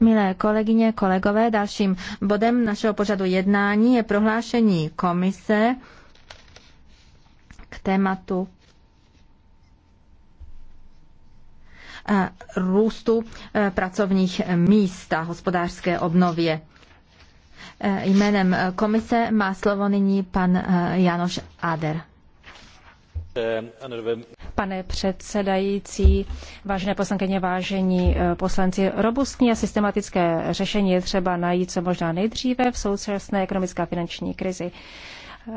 Milé kolegyně, kolegové, dalším bodem našeho pořadu jednání je prohlášení komise k tématu eh, růstu eh, pracovních míst a hospodářské obnově. Eh, jménem komise má slovo nyní pan Janoš Ader pane předsedající, vážené poslankyně, vážení eh, poslanci. Robustní a systematické řešení je třeba najít co možná nejdříve v současné ekonomické a finanční krizi.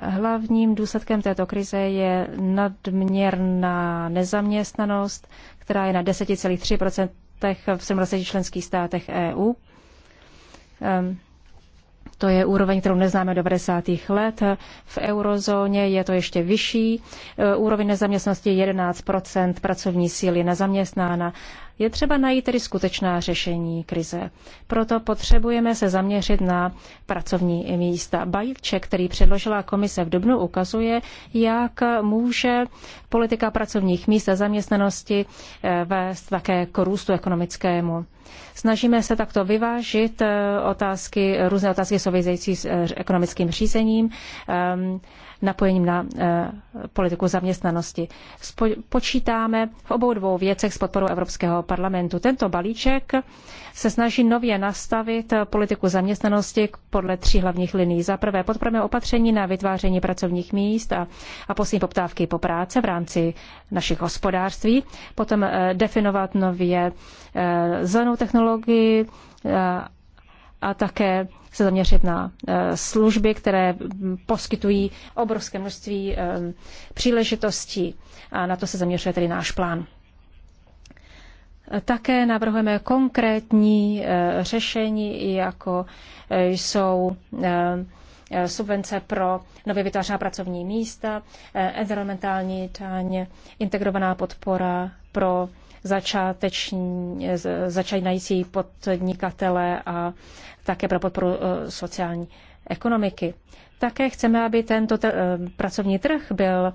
Hlavním důsledkem této krize je nadměrná nezaměstnanost, která je na 10,3 v 70 členských státech EU. Ehm, to je úroveň, kterou neznáme do 90. let. V eurozóně je to ještě vyšší. E, úroveň nezaměstnanosti je 11 pracovní síly nezaměstnána je třeba najít tedy skutečná řešení krize. Proto potřebujeme se zaměřit na pracovní místa. Balíček, který předložila komise v Dubnu, ukazuje, jak může politika pracovních míst a zaměstnanosti eh, vést také k růstu ekonomickému. Snažíme se takto vyvážit eh, otázky, různé otázky související s eh, ekonomickým řízením, ehm, napojením na eh, politiku zaměstnanosti. Počítáme v obou dvou věcech s podporou Evropského parlamentu. Tento balíček se snaží nově nastavit politiku zaměstnanosti podle tří hlavních liní. Za prvé podporujeme opatření na vytváření pracovních míst a, a poslední poptávky po práce v rámci našich hospodářství. Potom eh, definovat nově eh, zelenou technologii a také se zaměřit na eh, služby, které poskytují obrovské množství eh, příležitostí a na to se zaměřuje tedy náš plán. Také navrhujeme konkrétní eh, řešení, jako jsou subvence pro nově vytvářená pracovní místa, environmentální daň, integrovaná podpora pro začáteční, začínající podnikatele a také pro podporu eh, sociální ekonomiky. Také chceme, aby tento eh, pracovní trh byl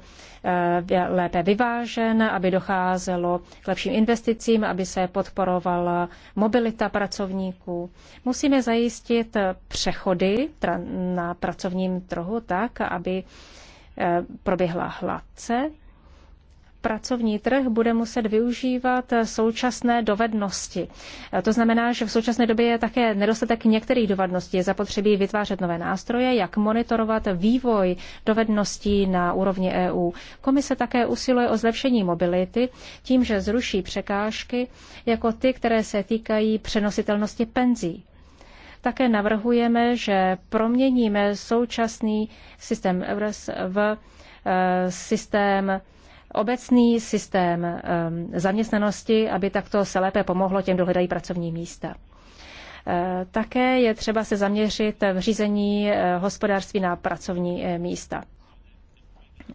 eh, lépe vyvážen, aby docházelo k lepším investicím, aby se podporovala mobilita pracovníků. Musíme zajistit přechody na pracovním trhu tak, aby proběhla hladce pracovní trh bude muset využívat současné dovednosti. To znamená, že v současné době je také nedostatek některých dovedností. Je zapotřebí vytvářet nové nástroje, jak monitorovat vývoj dovedností na úrovni EU. Komise také usiluje o zlepšení mobility tím, že zruší překážky jako ty, které se týkají přenositelnosti penzí. Také navrhujeme, že proměníme současný systém EURES v eh, systém obecný systém ehm, zaměstnanosti, aby takto se lépe pomohlo těm, kdo hledají pracovní místa. Eh, také je třeba se zaměřit v řízení eh, hospodářství na pracovní eh, místa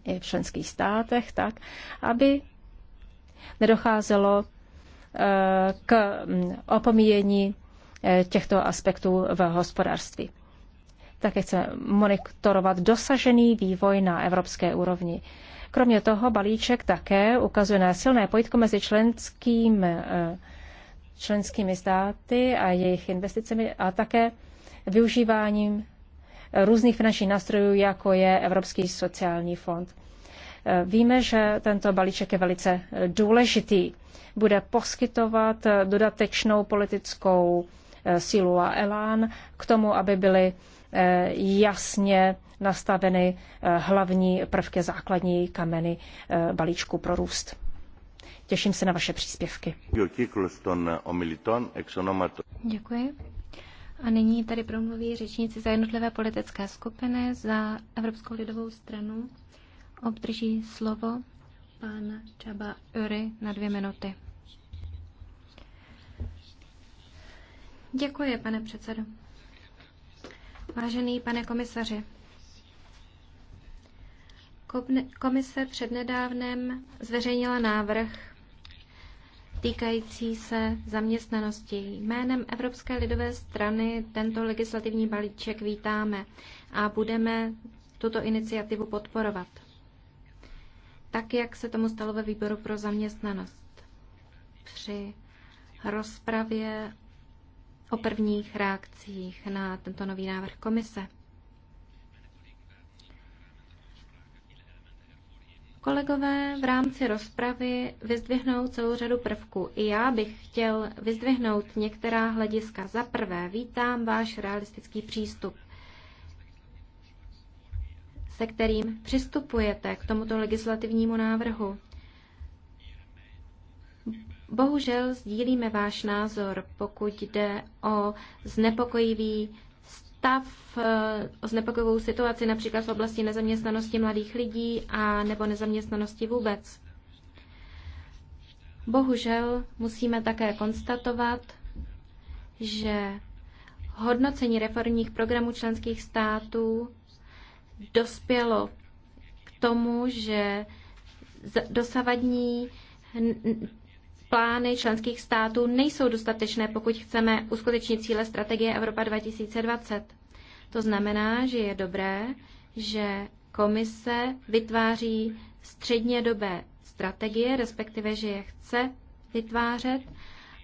i v členských státech, tak, aby nedocházelo k hm, opomíjení těchto aspektů v hospodářství. Také chceme monitorovat dosažený vývoj na evropské úrovni. Kromě toho balíček také ukazuje na silné pojitko mezi členským, eh, členskými státy a jejich investicemi a také využíváním různých finančních nástrojů, jako je Evropský sociální fond. Eh, víme, že tento balíček je velice důležitý. Bude poskytovat dodatečnou politickou eh, sílu a elán k tomu, aby byly jasně nastaveny eh, hlavní prvky, základní kameny eh, balíčku pro růst. Těším se na vaše příspěvky. Děkuji. A nyní tady promluví řečníci za jednotlivé politické skupiny, za Evropskou lidovou stranu. Obdrží slovo pan Čaba Ury na dvě minuty. Děkuji, pane předsedo. Vážený pane komisaři, Komise přednedávnem zveřejnila návrh týkající se zaměstnanosti. Jménem Evropské lidové strany tento legislativní balíček vítáme a budeme tuto iniciativu podporovat, tak jak se tomu stalo ve výboru pro zaměstnanost při rozpravě o prvních reakcích na tento nový návrh komise. Kolegové v rámci rozpravy vyzdvihnou celou řadu prvků. I já bych chtěl vyzdvihnout některá hlediska. Za prvé, vítám váš realistický přístup, se kterým přistupujete k tomuto legislativnímu návrhu. Bohužel sdílíme váš názor, pokud jde o znepokojivý stav, eh, znepokojivou situaci například v oblasti nezaměstnanosti mladých lidí a nebo nezaměstnanosti vůbec. Bohužel musíme také konstatovat, že hodnocení reformních programů členských států dospělo k tomu, že dosavadní plány členských států nejsou dostatečné, pokud chceme uskutečnit cíle strategie Evropa 2020. To znamená, že je dobré, že komise vytváří střednědobé strategie, respektive, že je chce vytvářet.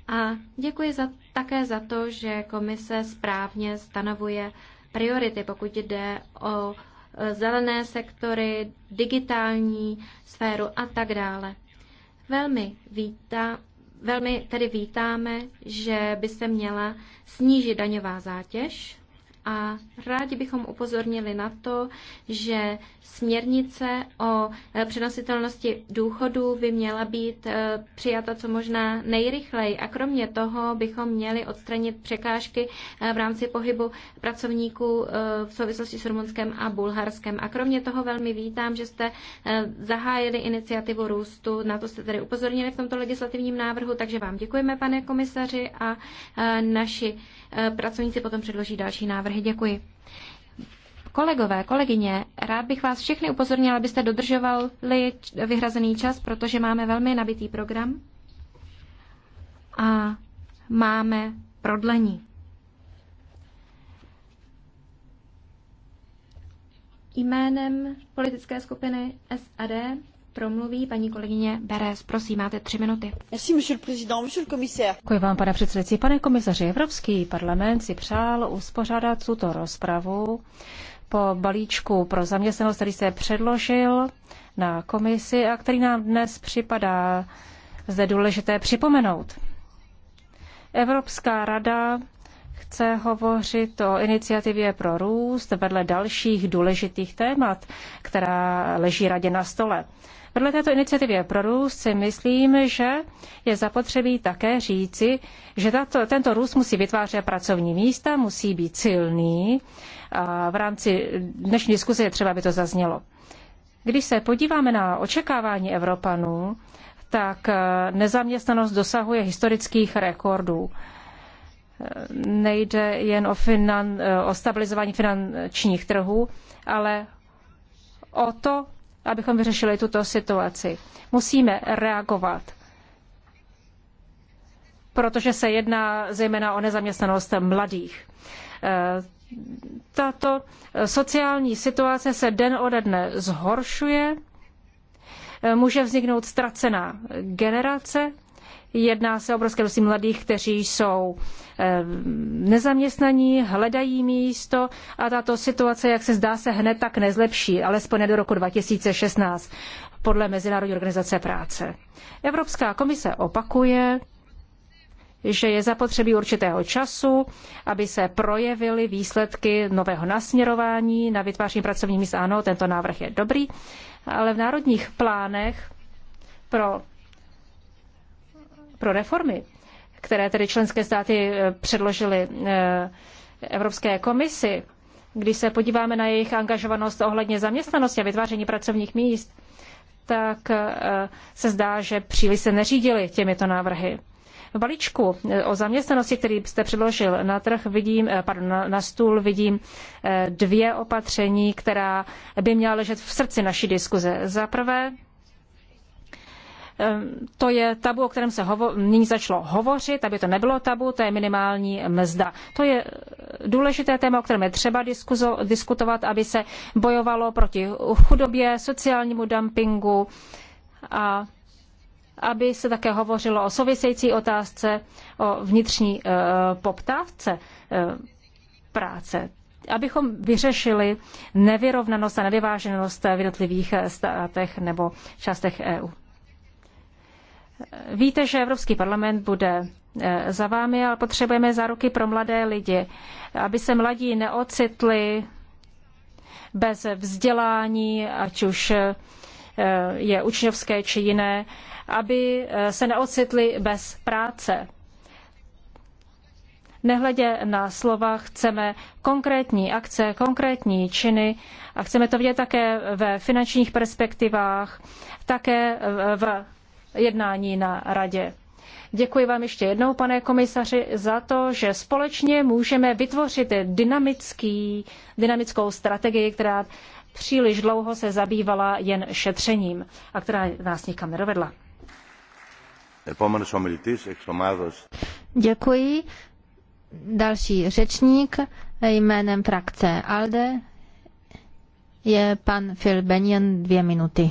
A děkuji za, také za to, že komise správně stanovuje priority, pokud jde o e, zelené sektory, digitální sféru a tak dále. Velmi, vítá, velmi tedy vítáme, že by se měla snížit daňová zátěž a rádi bychom upozornili na to, že směrnice o e, přenositelnosti důchodů by měla být e, přijata co možná nejrychleji a kromě toho bychom měli odstranit překážky e, v rámci pohybu pracovníků v souvislosti s Rumunskem a Bulharskem. A kromě toho velmi vítám, že jste zahájili iniciativu růstu, na to jste tedy upozornili v tomto legislativním návrhu, takže vám děkujeme, pane komisaři, a naši pracovníci potom předloží další návrh návrhy. Děkuji. Kolegové, kolegyně, rád bych vás všechny upozornila, abyste dodržovali vyhrazený čas, protože máme velmi nabitý program a máme prodlení. Jménem politické skupiny SAD promluví paní kolegyně Beres. Prosím, máte tři minuty. Děkuji vám, pane předsedající. Pane komisaři, Evropský parlament si přál uspořádat tuto rozpravu po balíčku pro zaměstnanost, který se předložil na komisi a který nám dnes připadá zde důležité připomenout. Evropská rada chce hovořit o iniciativě pro růst vedle dalších důležitých témat, která leží radě na stole. Vedle této iniciativě pro růst si myslím, že je zapotřebí také říci, že tato, tento růst musí vytvářet pracovní místa, musí být silný. A v rámci dnešní diskuze je třeba, aby to zaznělo. Když se podíváme na očekávání Evropanů, tak eh, nezaměstnanost dosahuje historických rekordů nejde jen o, finan, eh, o stabilizování finančních trhů, ale o to, abychom vyřešili tuto situaci. Musíme reagovat, protože se jedná zejména o nezaměstnanost mladých. Eh, tato sociální situace se den ode dne zhoršuje, eh, může vzniknout ztracená generace Jedná se o obrovské množství mladých, kteří jsou eh, nezaměstnaní, hledají místo a tato situace, jak se zdá, se hned tak nezlepší, alespoň ne do roku 2016 podle Mezinárodní organizace práce. Evropská komise opakuje, že je zapotřebí určitého času, aby se projevily výsledky nového nasměrování na vytváření pracovních míst. Ano, tento návrh je dobrý, ale v národních plánech pro pro reformy, které tedy členské státy eh, předložily eh, Evropské komisi, když se podíváme na jejich angažovanost ohledně zaměstnanosti a vytváření pracovních míst, tak eh, se zdá, že příliš se neřídili těmito návrhy. V balíčku o zaměstnanosti, který jste předložil na trh, vidím, pardon, na stůl vidím dvě opatření, která by měla ležet v srdci naší diskuze. Za prvé, Ehm, to je tabu, o kterém se hovo- nyní začalo hovořit, aby to nebylo tabu, to je minimální mzda. To je eh, důležité téma, o kterém je třeba diskuzo- diskutovat, aby se bojovalo proti chudobě, sociálnímu dumpingu a aby se také hovořilo o související otázce o vnitřní e, poptávce e, práce. Abychom vyřešili nevyrovnanost a nevyváženost v jednotlivých státech nebo částech EU. Víte, že Evropský parlament bude eh, za vámi, ale potřebujeme záruky pro mladé lidi, aby se mladí neocitli bez vzdělání, ať už eh, je učňovské či jiné, aby eh, se neocitli bez práce. Nehledě na slova chceme konkrétní akce, konkrétní činy a chceme to vidět také ve finančních perspektivách, také v jednání na radě. Děkuji vám ještě jednou, pane komisaři, za to, že společně můžeme vytvořit dynamický, dynamickou strategii, která příliš dlouho se zabývala jen šetřením a která nás nikam nedovedla. Děkuji. Další řečník jménem frakce ALDE je pan Phil Benjen dvě minuty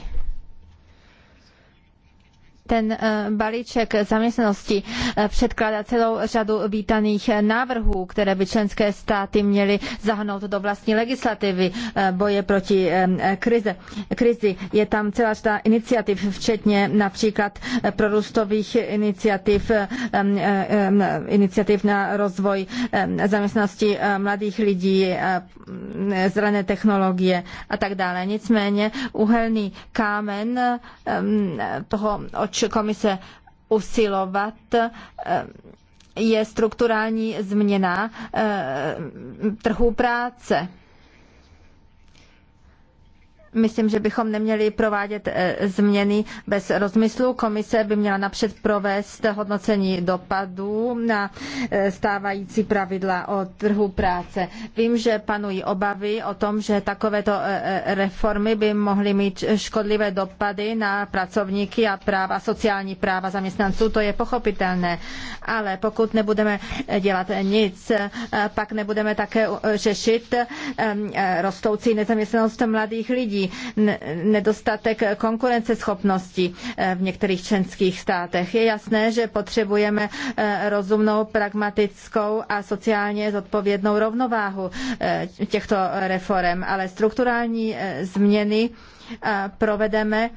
ten eh, balíček zaměstnanosti eh, předkládá celou řadu vítaných eh, návrhů, které by členské státy měly zahnout do vlastní legislativy boje proti krize. krizi. Je tam celá řada iniciativ, včetně například prorůstových iniciativ, iniciativ na rozvoj zaměstnanosti mladých lidí, zelené technologie a tak dále. Nicméně uhelný kámen toho, o komise usilovat eh, je strukturální změna eh, trhu práce Myslím, že bychom neměli provádět eh, změny bez rozmyslu. Komise by měla napřed provést hodnocení dopadů na eh, stávající pravidla o trhu práce. Vím, že panují obavy o tom, že takovéto eh, reformy by mohly mít škodlivé dopady na pracovníky a práva, sociální práva zaměstnanců. To je pochopitelné, ale pokud nebudeme dělat nic, pak nebudeme také řešit rostoucí nezaměstnanost mladých lidí lidí, nedostatek konkurenceschopnosti eh, v některých členských státech. Je jasné, že potřebujeme eh, rozumnou, pragmatickou a sociálně zodpovědnou rovnováhu eh, těchto reform, ale strukturální změny provedeme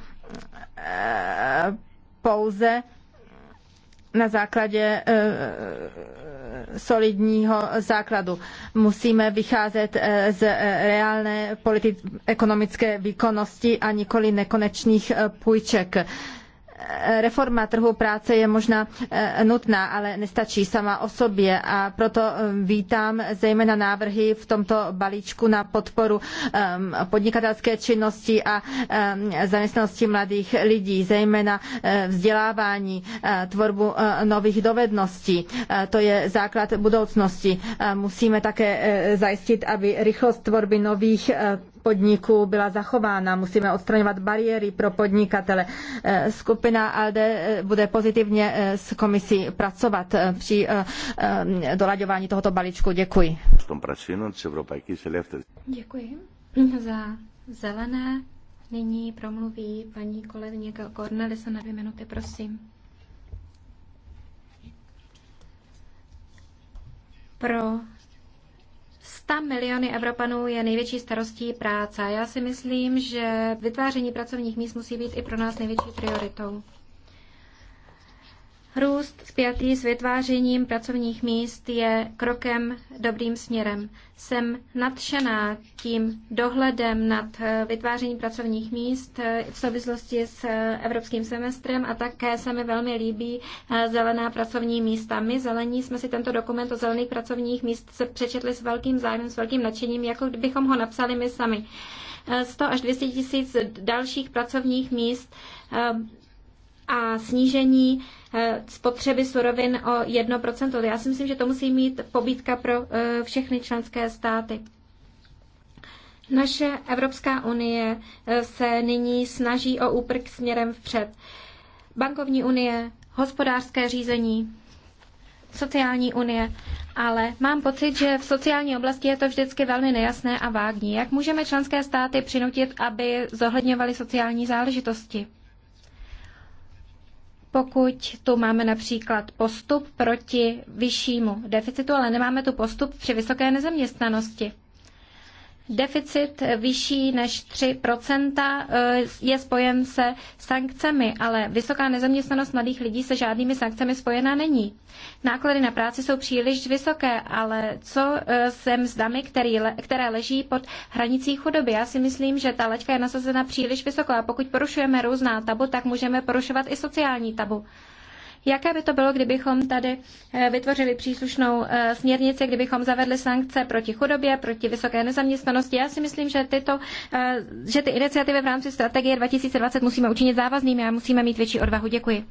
pouze na základě solidního základu. Musíme vycházet eh, z eh, reálné politi- ekonomické výkonnosti a nikoli nekonečných eh, půjček reforma trhu práce je možná eh, nutná, ale nestačí sama o sobě a proto eh, vítám zejména návrhy v tomto balíčku na podporu eh, podnikatelské činnosti a zaměstnanosti mladých lidí, zejména vzdělávání, tvorbu nových dovedností. To je základ budoucnosti. Musíme také zajistit, aby rychlost tvorby nových podniků byla zachována. Musíme odstraňovat bariéry pro podnikatele. Eh, skupina ALDE eh, bude pozitivně eh, s komisí pracovat při dolaďování tohoto balíčku. Děkuji. Děkuji za zelené. Nyní promluví paní kolegyně Kornelisa na dvě minuty, prosím. Pro 100 miliony Evropanů je největší starostí práce. Já si myslím, že vytváření pracovních míst musí být i pro nás největší prioritou. Růst spjatý s vytvářením pracovních míst je krokem dobrým směrem. Jsem nadšená tím dohledem nad eh, vytvářením pracovních míst eh, v souvislosti s eh, evropským semestrem a také se mi velmi líbí zelená pracovní místa. My zelení jsme si tento dokument o zelených pracovních míst přečetli s velkým zájmem, s velkým nadšením, jako kdybychom ho napsali my sami. 100 až 200 tisíc dalších pracovních míst a snížení Eh, spotřeby surovin o 1%. Já si myslím, že to musí mít pobídka pro eh, všechny členské státy. Naše Evropská unie eh, se nyní snaží o úprk směrem vpřed. Bankovní unie, hospodářské řízení, sociální unie, ale mám pocit, že v sociální oblasti je to vždycky velmi nejasné a vágní. Jak můžeme členské státy přinutit, aby zohledňovaly sociální záležitosti? pokud tu máme například postup proti vyššímu deficitu, ale nemáme tu postup při vysoké nezaměstnanosti deficit vyšší než 3 eh, je spojen se sankcemi, ale vysoká nezaměstnanost mladých lidí se žádnými sankcemi spojena není. Náklady na práci jsou příliš vysoké, ale co eh, se mzdami, které leží pod hranicí chudoby? Já si myslím, že ta laťka je nasazena příliš vysoko a pokud porušujeme různá tabu, tak můžeme porušovat i sociální tabu. Jaké by to bylo, kdybychom tady eh, vytvořili příslušnou eh, směrnici, kdybychom zavedli sankce proti chudobě, proti vysoké nezaměstnanosti? Já si myslím, že, tyto, eh, že ty iniciativy v rámci strategie 2020 musíme učinit závaznými a musíme mít větší odvahu. Děkuji.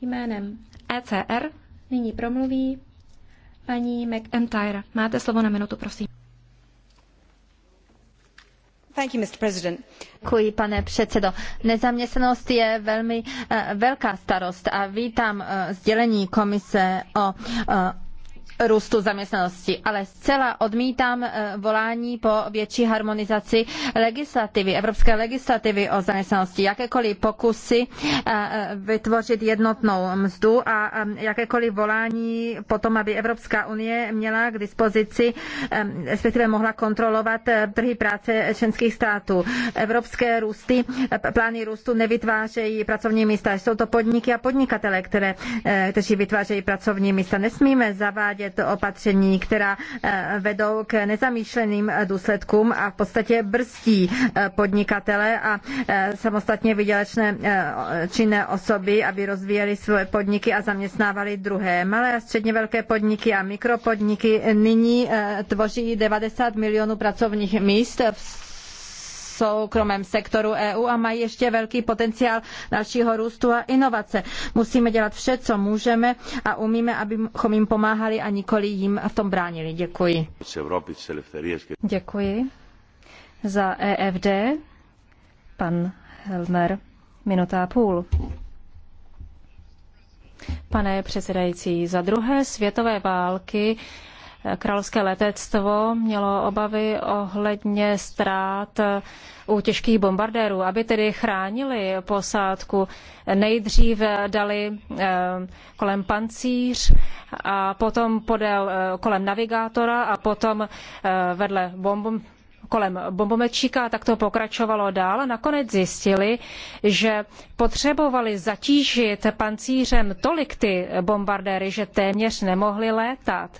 Jménem ECR nyní promluví paní McIntyre. Máte slovo na minutu, prosím. Děkuji, pane předsedající. Nezaměstnanost je velmi eh, velká starost a vítám eh, sdělení komise o eh, růstu zaměstnanosti, ale zcela odmítám eh, volání po větší harmonizaci legislativy, evropské legislativy o zaměstnanosti. Jakékoliv pokusy eh, eh, vytvořit jednotnou mzdu a jakékoliv volání potom, aby Evropská unie měla k dispozici, respektive mohla kontrolovat trhy práce členských států. Evropské růsty, plány růstu nevytvářejí pracovní místa. Jsou to podniky a podnikatele, které, kteří vytvářejí pracovní místa. Nesmíme zavádět provádět opatření, která eh, vedou k nezamýšleným eh, důsledkům a v podstatě brzdí eh, podnikatele a samostatně vydělečné činné osoby, aby rozvíjeli své podniky a zaměstnávali druhé. Malé a středně velké podniky a mikropodniky nyní tvoří 90 milionů pracovních míst v soukromém sektoru EU a mají ještě velký potenciál dalšího růstu a inovace. Musíme dělat vše, co můžeme a umíme, abychom jim pomáhali a nikoli jim v tom bránili. Děkuji. Děkuji. Za EFD pan Helmer, minuta a půl. Pane předsedající, za druhé světové války královské letectvo mělo obavy ohledně ztrát u těžkých bombardérů. Aby tedy chránili posádku, nejdřív dali eh, kolem pancíř a potom podél eh, kolem navigátora a potom eh, vedle bomb kolem bombomečíka a tak to pokračovalo dál a nakonec zjistili, že potřebovali zatížit pancířem tolik ty bombardéry, že téměř nemohli létat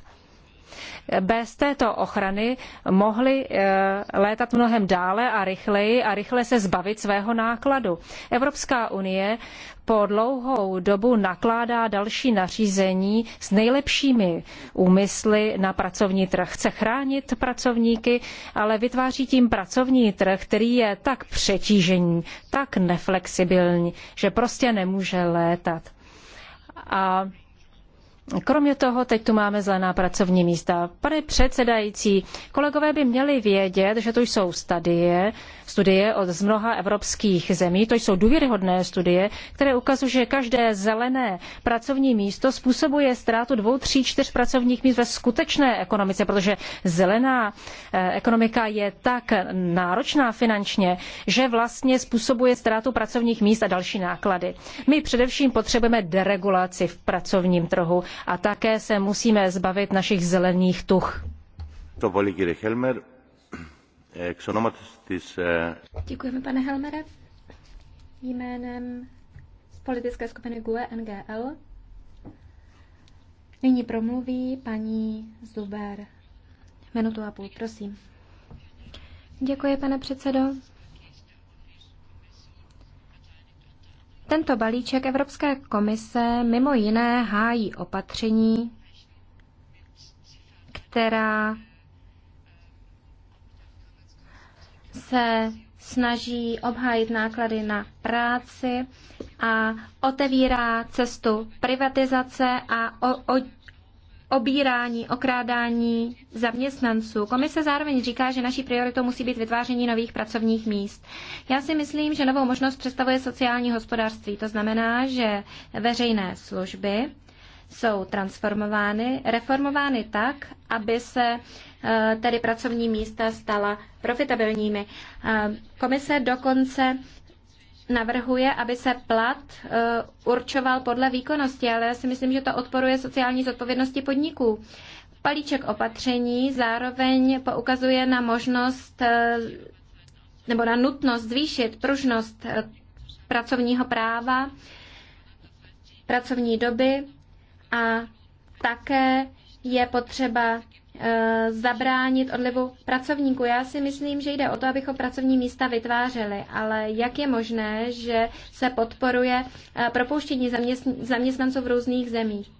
bez této ochrany mohli eh, létat mnohem dále a rychleji a rychle se zbavit svého nákladu. Evropská unie po dlouhou dobu nakládá další nařízení s nejlepšími úmysly na pracovní trh. Chce chránit pracovníky, ale vytváří tím pracovní trh, který je tak přetížený, tak neflexibilní, že prostě nemůže létat. A Kromě toho, teď tu máme zelená pracovní místa. Pane předsedající, kolegové by měli vědět, že to jsou studie, studie od z mnoha evropských zemí, to jsou důvěryhodné studie, které ukazují, že každé zelené pracovní místo způsobuje ztrátu dvou, tří, čtyř pracovních míst ve skutečné ekonomice, protože zelená eh, ekonomika je tak náročná finančně, že vlastně způsobuje ztrátu pracovních míst a další náklady. My především potřebujeme deregulaci v pracovním trhu a také se musíme zbavit našich zelených tuch. Eh, Děkujeme, pane Helmere. Jménem z politické skupiny GUE NGL nyní promluví paní Zuber. Minutu a půl, prosím. Děkuji, pane předsedo. Tento balíček Evropské komise mimo jiné hájí opatření, která se snaží obhájit náklady na práci a otevírá cestu privatizace a o, o, obírání, okrádání zaměstnanců. Komise zároveň říká, že naší prioritou musí být vytváření nových pracovních míst. Já si myslím, že novou možnost představuje sociální hospodářství. To znamená, že veřejné služby jsou transformovány, reformovány tak, aby se eh, tedy pracovní místa stala profitabilními. Eh, komise dokonce navrhuje, aby se plat eh, určoval podle výkonnosti, ale já si myslím, že to odporuje sociální zodpovědnosti podniků. Palíček opatření zároveň poukazuje na možnost eh, nebo na nutnost zvýšit pružnost eh, pracovního práva, pracovní doby a také je potřeba Eh, zabránit odlivu pracovníků. Já si myslím, že jde o to, abychom pracovní místa vytvářeli, ale jak je možné, že se podporuje eh, propouštění zaměstnanců v různých zemích?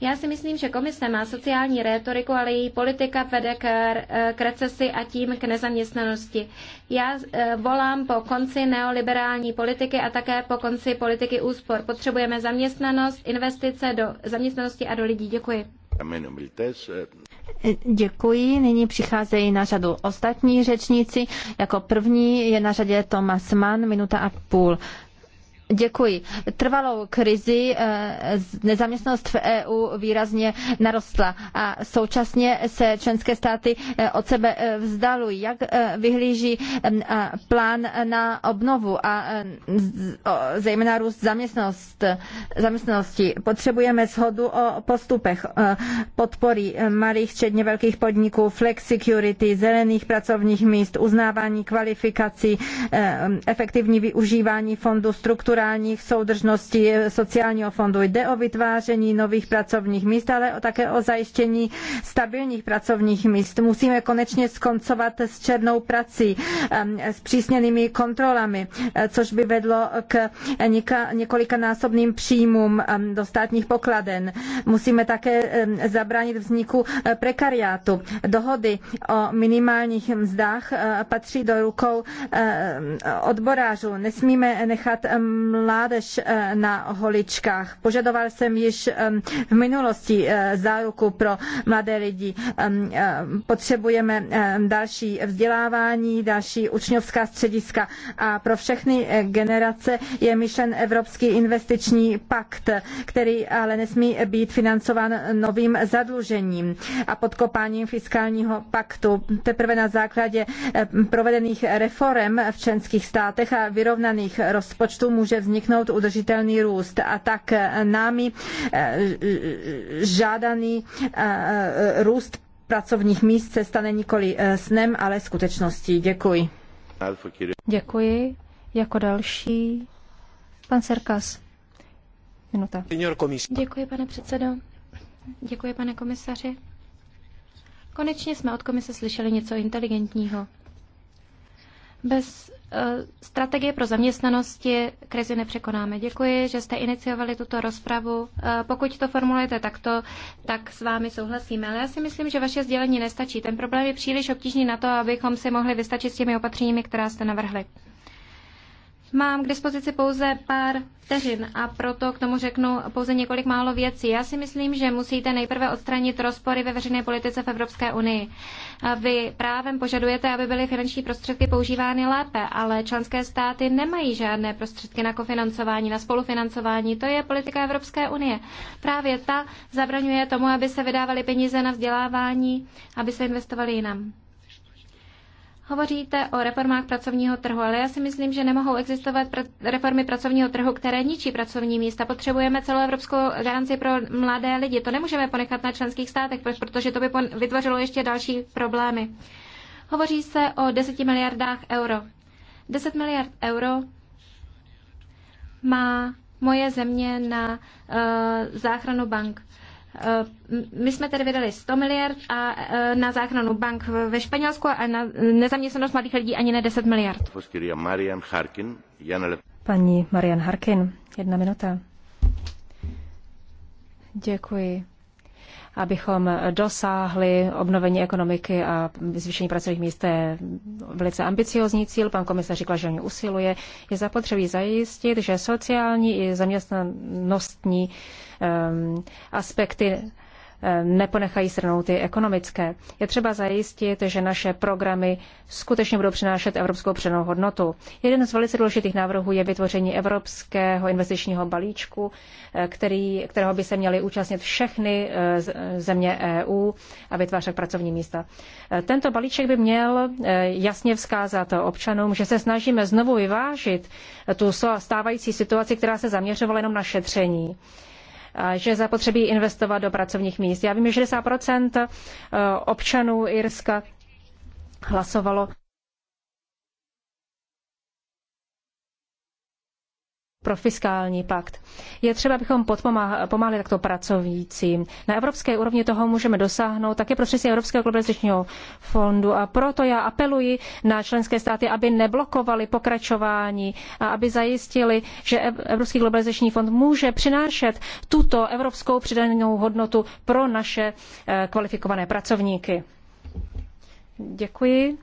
Já si myslím, že komise má sociální rétoriku, ale její politika vede k, eh, k recesi a tím k nezaměstnanosti. Já volám po konci neoliberální politiky a také po konci politiky úspor. Potřebujeme zaměstnanost, investice do zaměstnanosti a do lidí. Děkuji. Děkuji. Nyní přicházejí na řadu ostatní řečníci. Jako první je na řadě Thomas Mann, minuta a půl. Děkuji. Trvalou krizi eh, nezaměstnanost v EU výrazně narostla a současně se členské státy eh, od sebe eh, vzdalují. Jak vyhlíží mm, plán na obnovu a mm, zejména růst zaměstnanosti? Potřebujeme shodu o postupech podpory malých, středně velkých podniků, flexicurity, zelených pracovních míst, uznávání kvalifikací, mm, efektivní využívání fondu struktura strukturálních soudržností sociálního fondu. Jde o vytváření nových pracovních míst, ale také o zajištění stabilních pracovních míst. Musíme konečně skoncovat s černou prací, s přísněnými kontrolami, eh, což by vedlo k několikanásobným příjmům do státních pokladen. Musíme také zabránit vzniku eh, prekariátu. Dohody o minimálních mzdách eh, patří do rukou odborářů. Nesmíme nechat mládež eh, na holičkách. Požadoval jsem již v minulosti eh, záruku pro mladé lidi. Eh, potřebujeme další vzdělávání, další učňovská střediska a pro všechny generace je myšlen Evropský investiční pakt, který ale nesmí být financován novým zadlužením a podkopáním fiskálního paktu. Teprve na základě provedených reform v členských státech a vyrovnaných rozpočtů může může vzniknout udržitelný růst. A tak námi eh, žádaný eh, růst pracovních míst se stane nikoli eh, snem, ale skutečností. Děkuji. Děkuji. Jako další pan Serkas. Minuta. Děkuji, pane předsedo. Děkuji, pane komisaři. Konečně jsme od komise slyšeli něco inteligentního. Bez eh, strategie pro zaměstnanosti krizi nepřekonáme. Děkuji, že jste iniciovali tuto rozpravu. Eh, pokud to formulujete takto, tak s vámi souhlasíme. Ale já si myslím, že vaše sdělení nestačí. Ten problém je příliš obtížný na to, abychom si mohli vystačit s těmi opatřeními, která jste navrhli. Mám k dispozici pouze pár vteřin a proto k tomu řeknu pouze několik málo věcí. Já si myslím, že musíte nejprve odstranit rozpory ve veřejné politice v Evropské unii. Vy právem požadujete, aby byly finanční prostředky používány lépe, ale členské státy nemají žádné prostředky na kofinancování, na spolufinancování. To je politika Evropské unie. Právě ta zabraňuje tomu, aby se vydávaly peníze na vzdělávání, aby se investovaly jinam. Hovoříte o reformách pracovního trhu, ale já si myslím, že nemohou existovat pr- reformy pracovního trhu, které ničí pracovní místa. Potřebujeme celoevropskou garanci pro mladé lidi. To nemůžeme ponechat na členských státech, protože to by vytvořilo ještě další problémy. Hovoří se o 10 miliardách euro. 10 miliard euro má moje země na uh, záchranu bank. Eh, my jsme tedy vydali 100 miliard a eh, na záchranu bank ve Španělsku a na nezaměstnanost mladých lidí ani ne 10 miliard. Paní Marian Harkin, jedna minuta. Děkuji abychom dosáhli obnovení ekonomiky a zvýšení pracovních míst. je velice ambiciozní cíl, pan komisař říkal, že o ně usiluje. Je zapotřebí zajistit, že sociální i zaměstnanostní um, aspekty neponechají stranou ty ekonomické. Je třeba zajistit, že naše programy skutečně budou přinášet evropskou přenou hodnotu. Jeden z velice důležitých návrhů je vytvoření evropského investičního balíčku, eh, který, kterého by se měly účastnit všechny eh, země EU a vytvářet pracovní místa. Eh, tento balíček by měl jasně vzkázat občanům, že se snažíme znovu vyvážit tu stávající situaci, která se zaměřovala jenom na šetření že zapotřebí investovat do pracovních míst. Já vím, že 60 eh, občanů Irska hlasovalo pro fiskální pakt. Je třeba, abychom pomáhali takto pracovnícím. Na evropské úrovni toho můžeme dosáhnout také prostřednictvím Evropského globalizačního fondu a proto já apeluji na členské státy, aby neblokovali pokračování a aby zajistili, že Evropský globalizační fond může přinášet tuto evropskou přidanou hodnotu pro naše eh, kvalifikované pracovníky. Děkuji.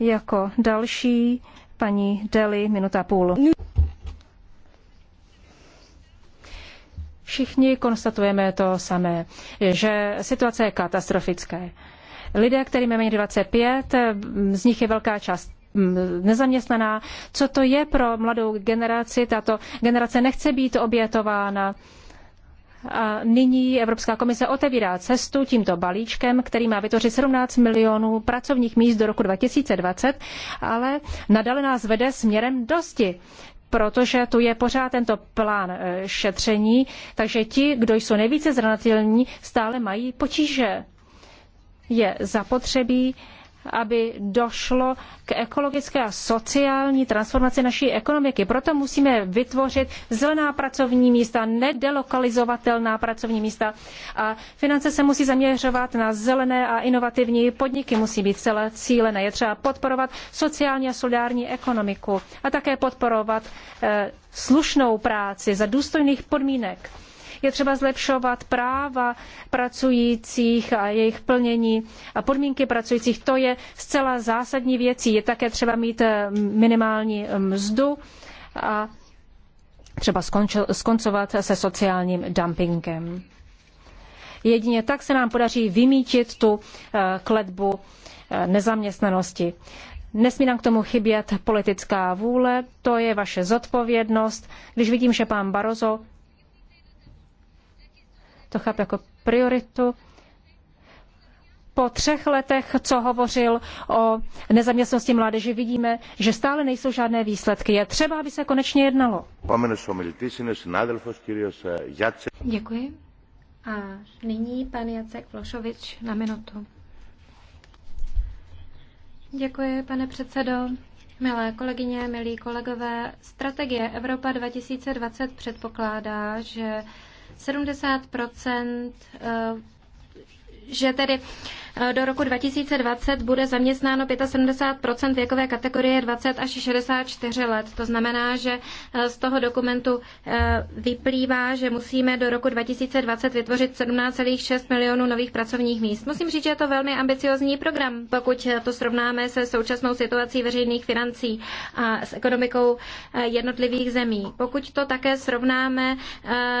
Jako další paní Deli, minuta půl. Všichni konstatujeme to samé, že situace je katastrofická. Lidé, kterým je méně 25, z nich je velká část mm, nezaměstnaná. Co to je pro mladou generaci? Tato generace nechce být obětována. A nyní Evropská komise otevírá cestu tímto balíčkem, který má vytvořit 17 milionů pracovních míst do roku 2020, ale nadále nás vede směrem dosti protože tu je pořád tento plán eh, šetření, takže ti, kdo jsou nejvíce zranitelní, stále mají potíže. Je zapotřebí aby došlo k ekologické a sociální transformaci naší ekonomiky. Proto musíme vytvořit zelená pracovní místa, nedelokalizovatelná pracovní místa a finance se musí zaměřovat na zelené a inovativní podniky, musí být celé cílené. Je třeba podporovat sociální a solidární ekonomiku a také podporovat eh, slušnou práci za důstojných podmínek. Je třeba zlepšovat práva pracujících a jejich plnění a podmínky pracujících. To je zcela zásadní věcí. Je také třeba mít eh, minimální eh, mzdu a třeba skončil, skoncovat se sociálním dumpingem. Jedině tak se nám podaří vymítit tu eh, kletbu nezaměstnanosti. Nesmí nám k tomu chybět politická vůle, to je vaše zodpovědnost. Když vidím, že pán Barozo to chápu jako prioritu. Po třech letech, co hovořil o nezaměstnosti mládeže, vidíme, že stále nejsou žádné výsledky. Je třeba, aby se konečně jednalo. Děkuji. A nyní pan Jacek Vlošovič na minutu. Děkuji, pane předsedo. Milé kolegyně, milí kolegové, strategie Evropa 2020 předpokládá, že 70 eh, že tedy Eh, do roku 2020 bude zaměstnáno 75 věkové kategorie 20 až 64 let. To znamená, že eh, z toho dokumentu eh, vyplývá, že musíme do roku 2020 vytvořit 17,6 milionů nových pracovních míst. Musím říct, že je to velmi ambiciozní program, pokud to srovnáme se současnou situací veřejných financí a s ekonomikou jednotlivých zemí. Pokud to také srovnáme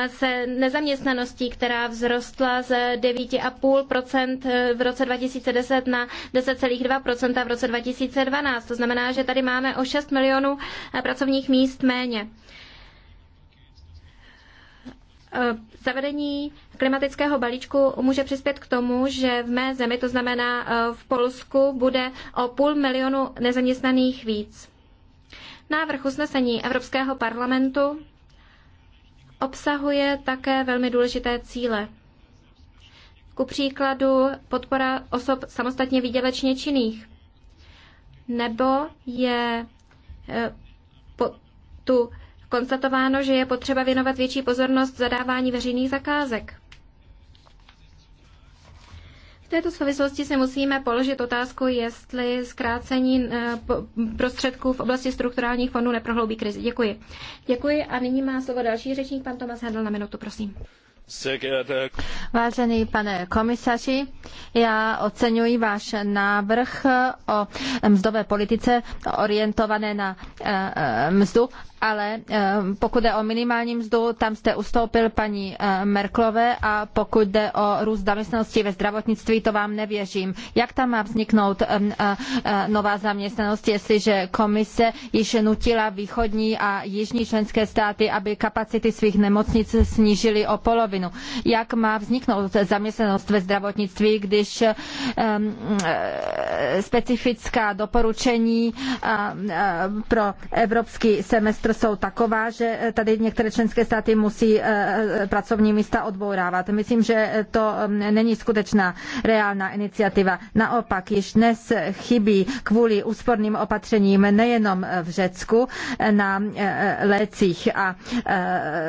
se nezaměstnaností, která vzrostla z 9,5 v roce 2010 na 10,2 v roce 2012. To znamená, že tady máme o 6 milionů eh, pracovních míst méně. Eh, zavedení klimatického balíčku může přispět k tomu, že v mé zemi, to znamená eh, v Polsku, bude o půl milionu nezaměstnaných víc. Návrh usnesení Evropského parlamentu obsahuje také velmi důležité cíle. Ku příkladu podpora osob samostatně výdělečně činných. Nebo je e, tu konstatováno, že je potřeba věnovat větší pozornost zadávání veřejných zakázek. V této souvislosti se musíme položit otázku, jestli zkrácení e, prostředků v oblasti strukturálních fondů neprohloubí krizi. Děkuji. Děkuji a nyní má slovo další řečník, pan Tomas Hedl na minutu, prosím. Vážený pane komisaři, já oceňuji váš návrh o mzdové politice orientované na eh, eh, mzdu ale eh, pokud jde o minimální mzdu, tam jste ustoupil paní eh, Merklové a pokud jde o růst zaměstnanosti ve zdravotnictví, to vám nevěřím. Jak tam má vzniknout eh, nová zaměstnanost, jestliže komise již nutila východní a jižní členské státy, aby kapacity svých nemocnic snížily o polovinu? Jak má vzniknout zaměstnanost ve zdravotnictví, když mm, specifická doporučení pro evropský semestr jsou taková, že tady některé členské státy musí eh, eh, pracovní místa odbourávat. Myslím, že to eh, není skutečná reálná iniciativa. Naopak, již dnes chybí kvůli úsporným opatřením nejenom v Řecku na lécích a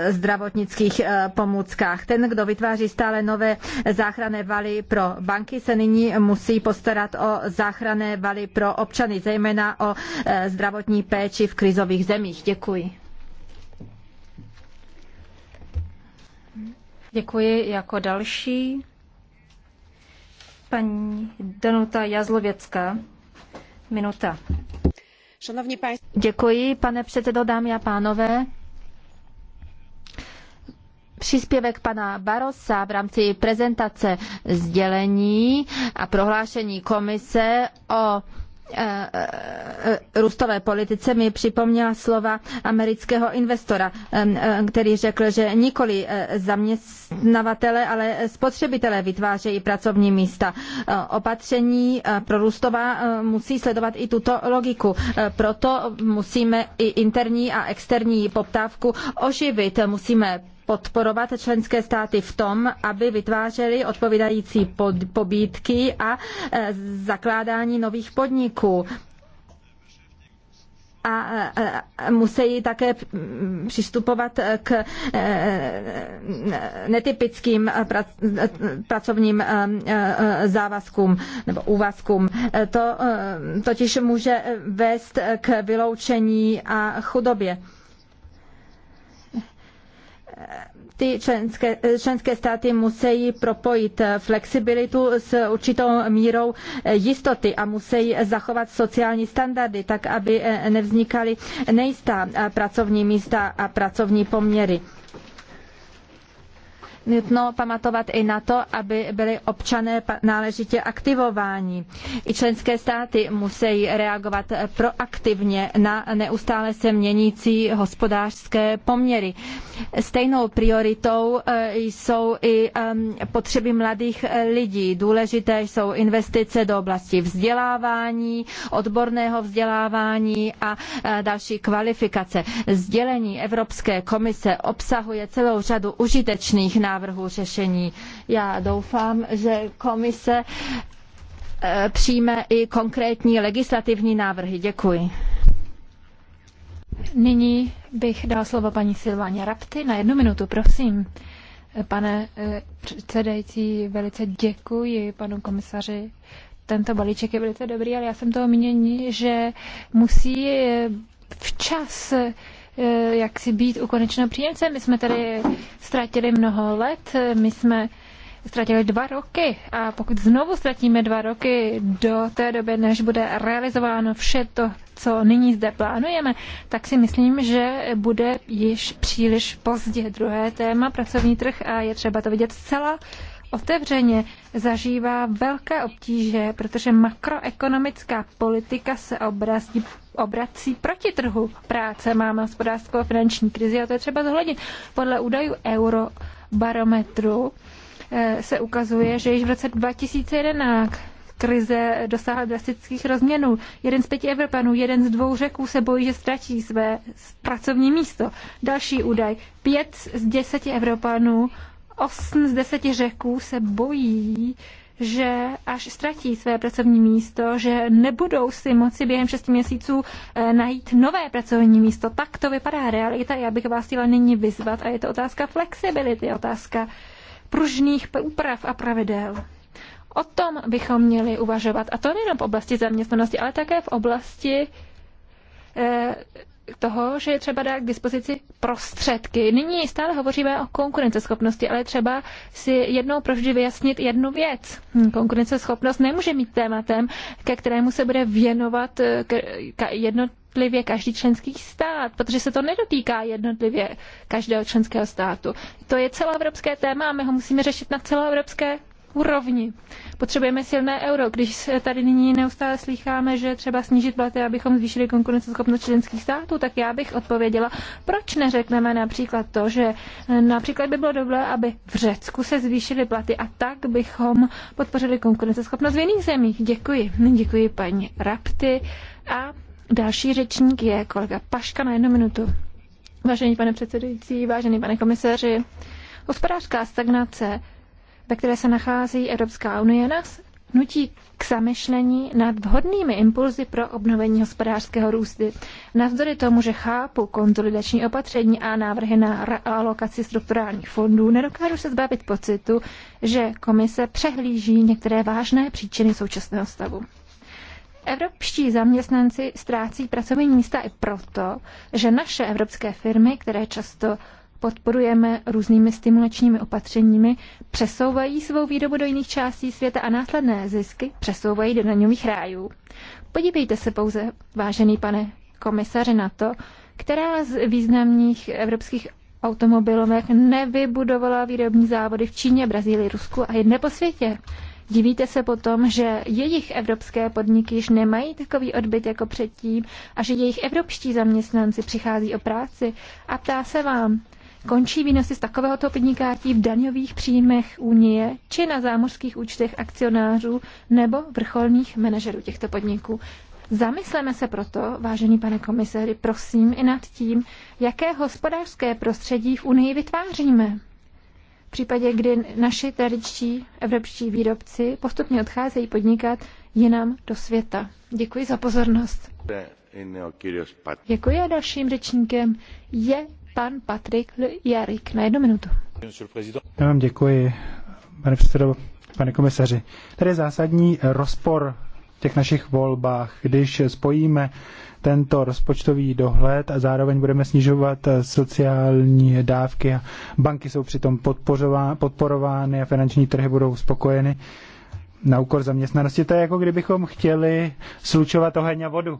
zdravotnických pomůckách. Ten, kdo vytváří stále nové záchranné valy pro banky, se nyní musí postarat o záchranné valy pro občany, zejména o zdravotní péči v krizových zemích. Děkuji. Děkuji. Děkuji jako další paní Danuta Jazlověcká. Minuta. Děkuji, pane předsedo, dámy a pánové. Příspěvek pana Barossa v rámci prezentace sdělení a prohlášení komise o Eh, eh, růstové politice mi připomněla slova amerického investora, eh, který řekl, že nikoli zaměstnavatele, ale spotřebitelé vytvářejí pracovní místa. Opatření pro růstová musí sledovat i tuto logiku. Proto musíme i interní a externí poptávku oživit. Musíme podporovat členské státy v tom, aby vytvářely odpovídající pod, pobídky a e, zakládání nových podniků a e, e, musí také přistupovat k netypickým pracovním závazkům nebo úvazkům. To totiž může vést k vyloučení a chudobě ty členské, členské státy musí propojit flexibilitu s určitou mírou jistoty a musí zachovat sociální standardy, tak aby nevznikaly nejistá pracovní místa a pracovní poměry nutno pamatovat i na to, aby byli občané náležitě aktivováni. I členské státy musí reagovat proaktivně na neustále se měnící hospodářské poměry. Stejnou prioritou eh, jsou i ehm, potřeby mladých eh, lidí. Důležité jsou investice do oblasti vzdělávání, odborného vzdělávání a eh, další kvalifikace. Sdělení Evropské komise obsahuje celou řadu užitečných návrhů návrhu řešení. Já doufám, že komise eh, přijme i konkrétní legislativní návrhy. Děkuji. Nyní bych dal slovo paní Silváně Rapty na jednu minutu, prosím. Pane eh, předsedající, velice děkuji panu komisaři. Tento balíček je velice dobrý, ale já jsem toho mínění, že musí eh, včas Eh, jak si být u konečného příjemce. My jsme tady ztratili mnoho let, my jsme ztratili dva roky a pokud znovu ztratíme dva roky do té doby, než bude realizováno vše to, co nyní zde plánujeme, tak si myslím, že bude již příliš pozdě. Druhé téma, pracovní trh a je třeba to vidět zcela otevřeně zažívá velké obtíže, protože makroekonomická politika se obrazí obrací proti trhu práce. Máme hospodářskou a finanční krizi a to je třeba zohlednit. Podle údajů Eurobarometru eh, se ukazuje, že již v roce 2011 krize dosáhla drastických rozměrů. Jeden z pěti Evropanů, jeden z dvou řeků se bojí, že ztratí své pracovní místo. Další údaj. Pět z deseti Evropanů, osm z deseti řeků se bojí, že až ztratí své pracovní místo, že nebudou si moci během 6 měsíců eh, najít nové pracovní místo. Tak to vypadá realita. Já bych vás chtěla nyní vyzvat a je to otázka flexibility, otázka pružných úprav a pravidel. O tom bychom měli uvažovat. A to nejenom v oblasti zaměstnanosti, ale také v oblasti eh, toho, že je třeba dát k dispozici prostředky. Nyní stále hovoříme o konkurenceschopnosti, ale třeba si jednou proždy vyjasnit jednu věc. Konkurenceschopnost nemůže mít tématem, ke kterému se bude věnovat eh, jednotlivě každý členský stát, protože se to nedotýká jednotlivě každého členského státu. To je celoevropské téma a my ho musíme řešit na celoevropské úrovni. Potřebujeme silné euro. Když tady nyní neustále slycháme, že třeba snížit platy, abychom zvýšili konkurenceschopnost členských států, tak já bych odpověděla, proč neřekneme například to, že například by bylo dobré, aby v Řecku se zvýšily platy a tak bychom podpořili konkurenceschopnost v jiných zemích. Děkuji. Děkuji paní Rapty a Další řečník je kolega Paška na jednu minutu. Vážený pane předsedající, vážený pane komisaři, hospodářská stagnace ve které se nachází Evropská unie, nás nutí k zamyšlení nad vhodnými impulzy pro obnovení hospodářského růstu. Navzdory tomu, že chápu konsolidační opatření a návrhy na alokaci strukturálních fondů, nedokážu se zbavit pocitu, že komise přehlíží některé vážné příčiny současného stavu. Evropští zaměstnanci ztrácí pracovní místa i proto, že naše evropské firmy, které často podporujeme různými stimulačními opatřeními, přesouvají svou výrobu do jiných částí světa a následné zisky přesouvají do daňových rájů. Podívejte se pouze, vážený pane komisaři, na to, která z významných evropských automobilovek nevybudovala výrobní závody v Číně, Brazílii, Rusku a jedné po světě. Divíte se potom, že jejich evropské podniky již nemají takový odbyt jako předtím a že jejich evropští zaměstnanci přichází o práci a ptá se vám, Končí výnosy z takovéhoto podnikátí v daňových příjmech Unie či na zámořských účtech akcionářů nebo vrcholných manažerů těchto podniků. Zamysleme se proto, vážený pane komisaři, prosím i nad tím, jaké hospodářské prostředí v Unii vytváříme. V případě, kdy naši tradiční evropští výrobci postupně odcházejí podnikat jinam do světa. Děkuji za pozornost. Děkuji a dalším řečníkem je pan Patrik Jarik na jednu minutu. Já vám děkuji, pane předsedo, pane komisaři. Tady je zásadní rozpor v těch našich volbách, když spojíme tento rozpočtový dohled a zároveň budeme snižovat sociální dávky a banky jsou přitom podporovány a finanční trhy budou spokojeny na úkor zaměstnanosti. To je jako kdybychom chtěli slučovat oheň a vodu.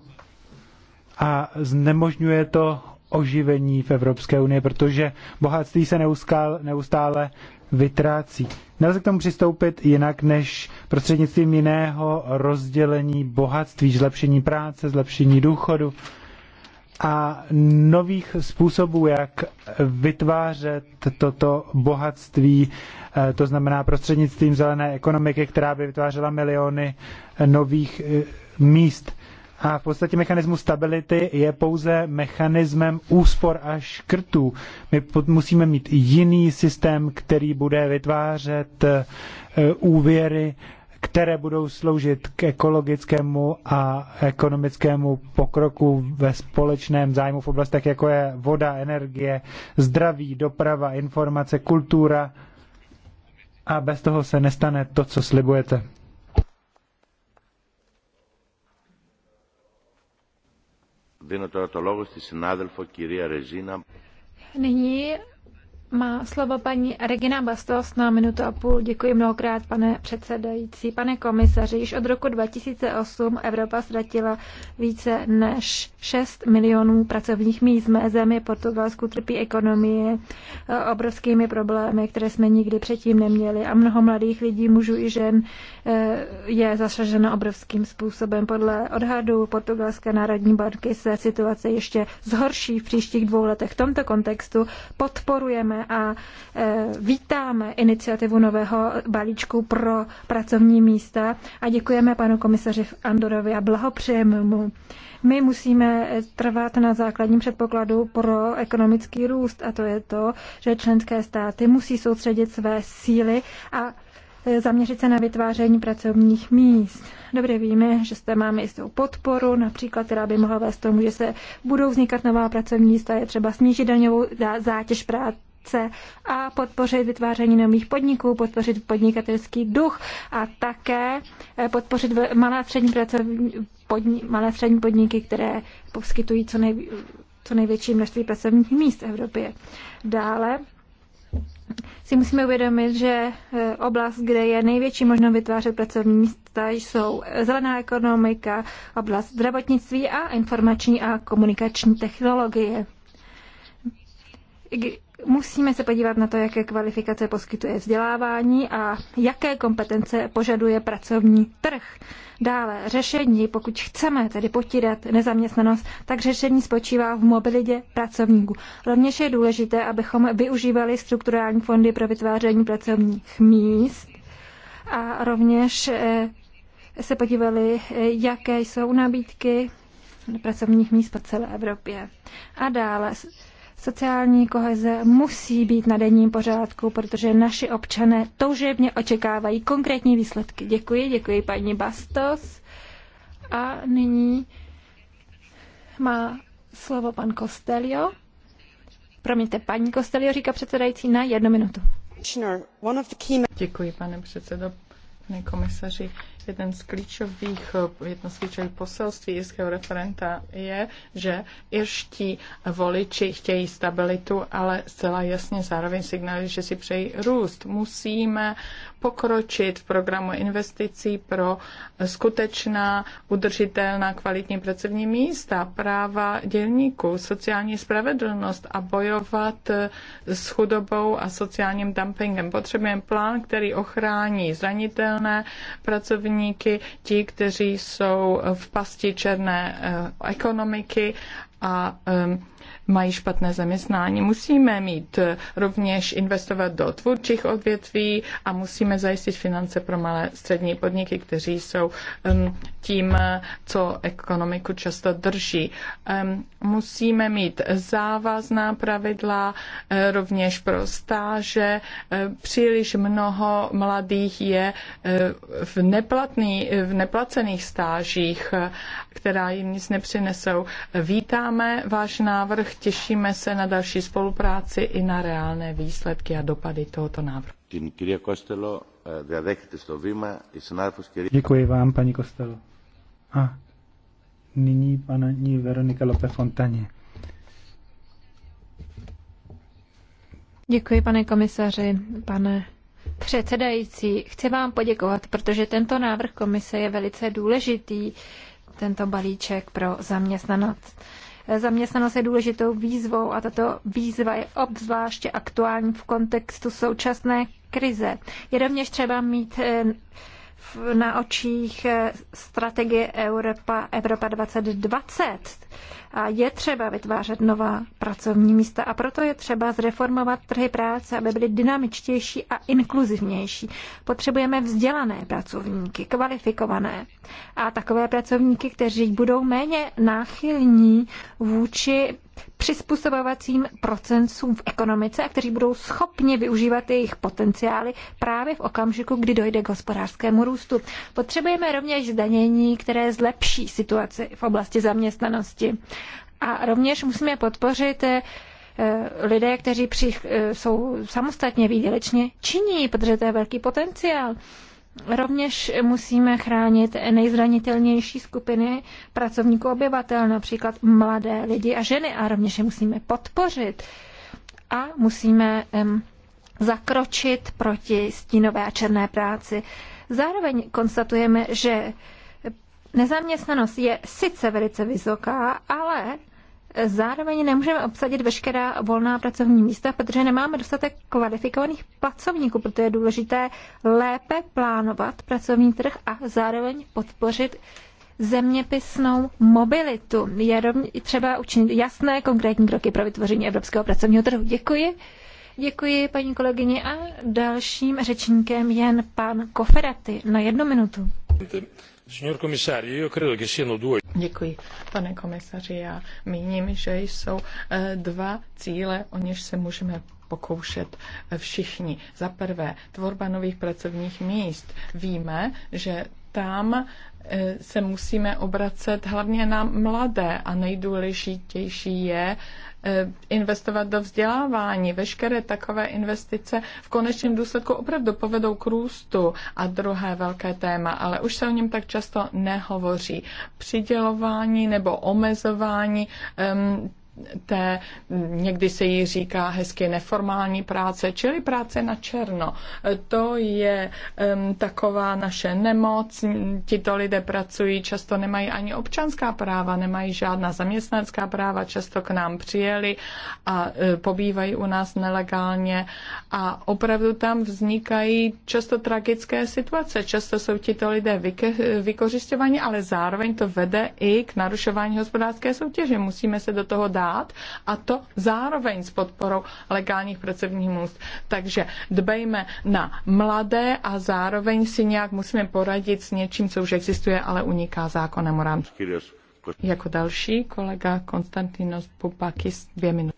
A znemožňuje to oživení v Evropské unii, protože bohatství se neustále, neustále vytrácí. Nelze k tomu přistoupit jinak než prostřednictvím jiného rozdělení bohatství, zlepšení práce, zlepšení důchodu a nových způsobů, jak vytvářet toto bohatství, eh, to znamená prostřednictvím zelené ekonomiky, která by vytvářela miliony nových eh, míst. A v podstatě mechanismus stability je pouze mechanismem úspor a škrtů. My musíme mít jiný systém, který bude vytvářet eh, úvěry, které budou sloužit k ekologickému a ekonomickému pokroku ve společném zájmu v oblastech, jako je voda, energie, zdraví, doprava, informace, kultura. A bez toho se nestane to, co slibujete. Nyní má slovo paní Regina Bastos na minutu a půl. Děkuji mnohokrát, pane předsedající. Pane komisaři, již od roku 2008 Evropa ztratila více než 6 milionů pracovních míst. Mé zemi Portugalsku trpí ekonomie eh, obrovskými problémy, které jsme nikdy předtím neměli a mnoho mladých lidí, mužů i žen, eh, je zasaženo obrovským způsobem. Podle odhadu Portugalské národní banky se situace ještě zhorší v příštích dvou letech. V tomto kontextu podporujeme a e, vítáme iniciativu nového balíčku pro pracovní místa a děkujeme panu komisaři Andorovi a blahopřejeme mu. My musíme trvat na základním předpokladu pro ekonomický růst a to je to, že členské státy musí soustředit své síly a e, zaměřit se na vytváření pracovních míst. Dobře víme, že zde máme jistou podporu, například, která by mohla vést tomu, že se budou vznikat nová pracovní místa, je třeba snížit daňovou zátěž práce akce a podpořit vytváření nových podniků, podpořit podnikatelský duch a také eh, podpořit malé a střední, pracovní, podni, malé a střední podniky, které poskytují co, nej, co největší množství pracovních míst v Evropě. Dále si musíme uvědomit, že eh, oblast, kde je největší možno vytvářet pracovní místa, jsou zelená ekonomika, oblast zdravotnictví a informační a komunikační technologie musíme se podívat na to, jaké kvalifikace poskytuje vzdělávání a jaké kompetence požaduje pracovní trh. Dále řešení, pokud chceme tedy potírat nezaměstnanost, tak řešení spočívá v mobilitě pracovníků. Rovněž je důležité, abychom využívali strukturální fondy pro vytváření pracovních míst a rovněž eh, se podívali, eh, jaké jsou nabídky pracovních míst po celé Evropě. A dále Sociální koheze musí být na denním pořádku, protože naši občané toužebně očekávají konkrétní výsledky. Děkuji, děkuji paní Bastos. A nyní má slovo pan Kostelio. Promiňte, paní Kostelio říká předsedající na jednu minutu. Děkuji, pane předsedo, pane komisaři jeden z klíčových, eh, jedno z klíčových poselství jirského referenta je, že irští voliči chtějí stabilitu, ale zcela jasně zároveň signály, že si přejí růst. Musíme pokročit v programu investicí pro skutečná, udržitelná, kvalitní pracovní místa, práva dělníků, sociální spravedlnost a bojovat s chudobou a sociálním dumpingem. Potřebujeme plán, který ochrání zranitelné pracovníky, ti, kteří jsou v pasti černé eh, ekonomiky a um, mají špatné zaměstnání. Musíme mít eh, rovněž investovat do tvůrčích odvětví a musíme zajistit finance pro malé střední podniky, kteří jsou tím, eh, co ekonomiku často drží. Musíme mít závazná pravidla eh, rovněž pro stáže. Příliš mnoho mladých je v, neplatný, v neplacených stážích, která jim nic nepřinesou. Vítáme váš návrh návrh, těšíme se na další spolupráci i na reálné výsledky a dopady tohoto návrhu. Děkuji vám, paní Kostelo. A nyní paní Veronika Lope Fontaně. Děkuji, pane komisaři, pane předsedající. Chci vám poděkovat, protože tento návrh komise je velice důležitý, tento balíček pro zaměstnanost. Zaměstnanost je důležitou výzvou a tato výzva je obzvláště aktuální v kontextu současné krize. Je rovněž třeba mít eh, na očích eh, strategie Evropa, Evropa 2020. A je třeba vytvářet nová pracovní místa a proto je třeba zreformovat trhy práce, aby byly dynamičtější a inkluzivnější. Potřebujeme vzdělané pracovníky, kvalifikované a takové pracovníky, kteří budou méně náchylní vůči přizpůsobovacím procesům v ekonomice a kteří budou schopni využívat jejich potenciály právě v okamžiku, kdy dojde k hospodářskému růstu. Potřebujeme rovněž zdanění, které zlepší situaci v oblasti zaměstnanosti. A rovněž musíme podpořit eh, lidé, kteří přich, eh, jsou samostatně výdělečně činní, protože to je velký potenciál. Rovněž musíme chránit nejzranitelnější skupiny pracovníků obyvatel, například mladé lidi a ženy, a rovněž je musíme podpořit. A musíme um, zakročit proti stínové a černé práci. Zároveň konstatujeme, že nezaměstnanost je sice velice vysoká, ale zároveň nemůžeme obsadit veškerá volná pracovní místa, protože nemáme dostatek kvalifikovaných pracovníků, proto je důležité lépe plánovat pracovní trh a zároveň podpořit zeměpisnou mobilitu. Je třeba učinit jasné konkrétní kroky pro vytvoření evropského pracovního trhu. Děkuji. Děkuji paní kolegyni a dalším řečníkem jen pan Koferaty na jednu minutu pane komisaři. Já míním, že jsou eh, dva cíle, o něž se můžeme pokoušet eh, všichni. Za prvé, tvorba nových pracovních míst. Víme, že tam eh, se musíme obracet hlavně na mladé a nejdůležitější je Eh, investovat do vzdělávání. Veškeré takové investice v konečném důsledku opravdu povedou k růstu a druhé velké téma, ale už se o něm tak často nehovoří. Přidělování nebo omezování té, někdy se jí říká hezky neformální práce, čili práce na černo. To je um, taková naše nemoc. Tito lidé pracují, často nemají ani občanská práva, nemají žádná zaměstnanecká práva, často k nám přijeli a uh, pobývají u nás nelegálně. A opravdu tam vznikají často tragické situace. Často jsou tito lidé vyke- vykořišťováni, ale zároveň to vede i k narušování hospodářské soutěže. Musíme se do toho dát stát a to zároveň s podporou legálních pracovních míst. Takže dbejme na mladé a zároveň si nějak musíme poradit s něčím, co už existuje, ale uniká zákonem rámci. Jako další kolega Konstantinos Pupakis, dvě minuty.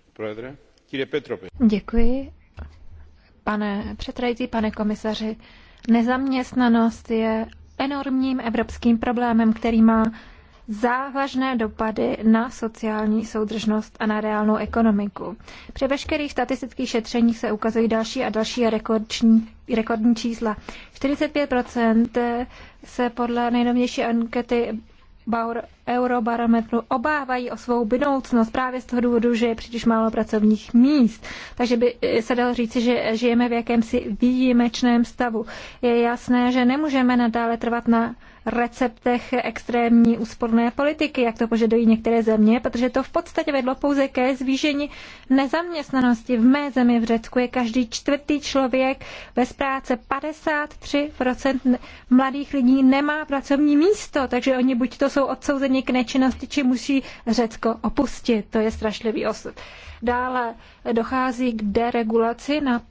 Děkuji. Pane předsedající, pane komisaři, nezaměstnanost je enormním evropským problémem, který má závažné dopady na sociální soudržnost a na reálnou ekonomiku. Při veškerých statistických šetřeních se ukazují další a další rekordní, rekordní čísla. 45 se podle nejnovější ankety eurobarometru obávají o svou budoucnost právě z toho důvodu, že je příliš málo pracovních míst. Takže by eh, se dalo říci, že žijeme v jakémsi výjimečném stavu. Je jasné, že nemůžeme nadále trvat na receptech extrémní úsporné politiky, jak to požadují některé země, protože to v podstatě vedlo pouze ke zvýšení nezaměstnanosti. V mé zemi v Řecku je každý čtvrtý člověk bez práce. 53% mladých lidí nemá pracovní místo, takže oni buď to jsou odsouzeni k nečinnosti, či musí Řecko opustit. To je strašlivý osud. Dále dochází k deregulaci na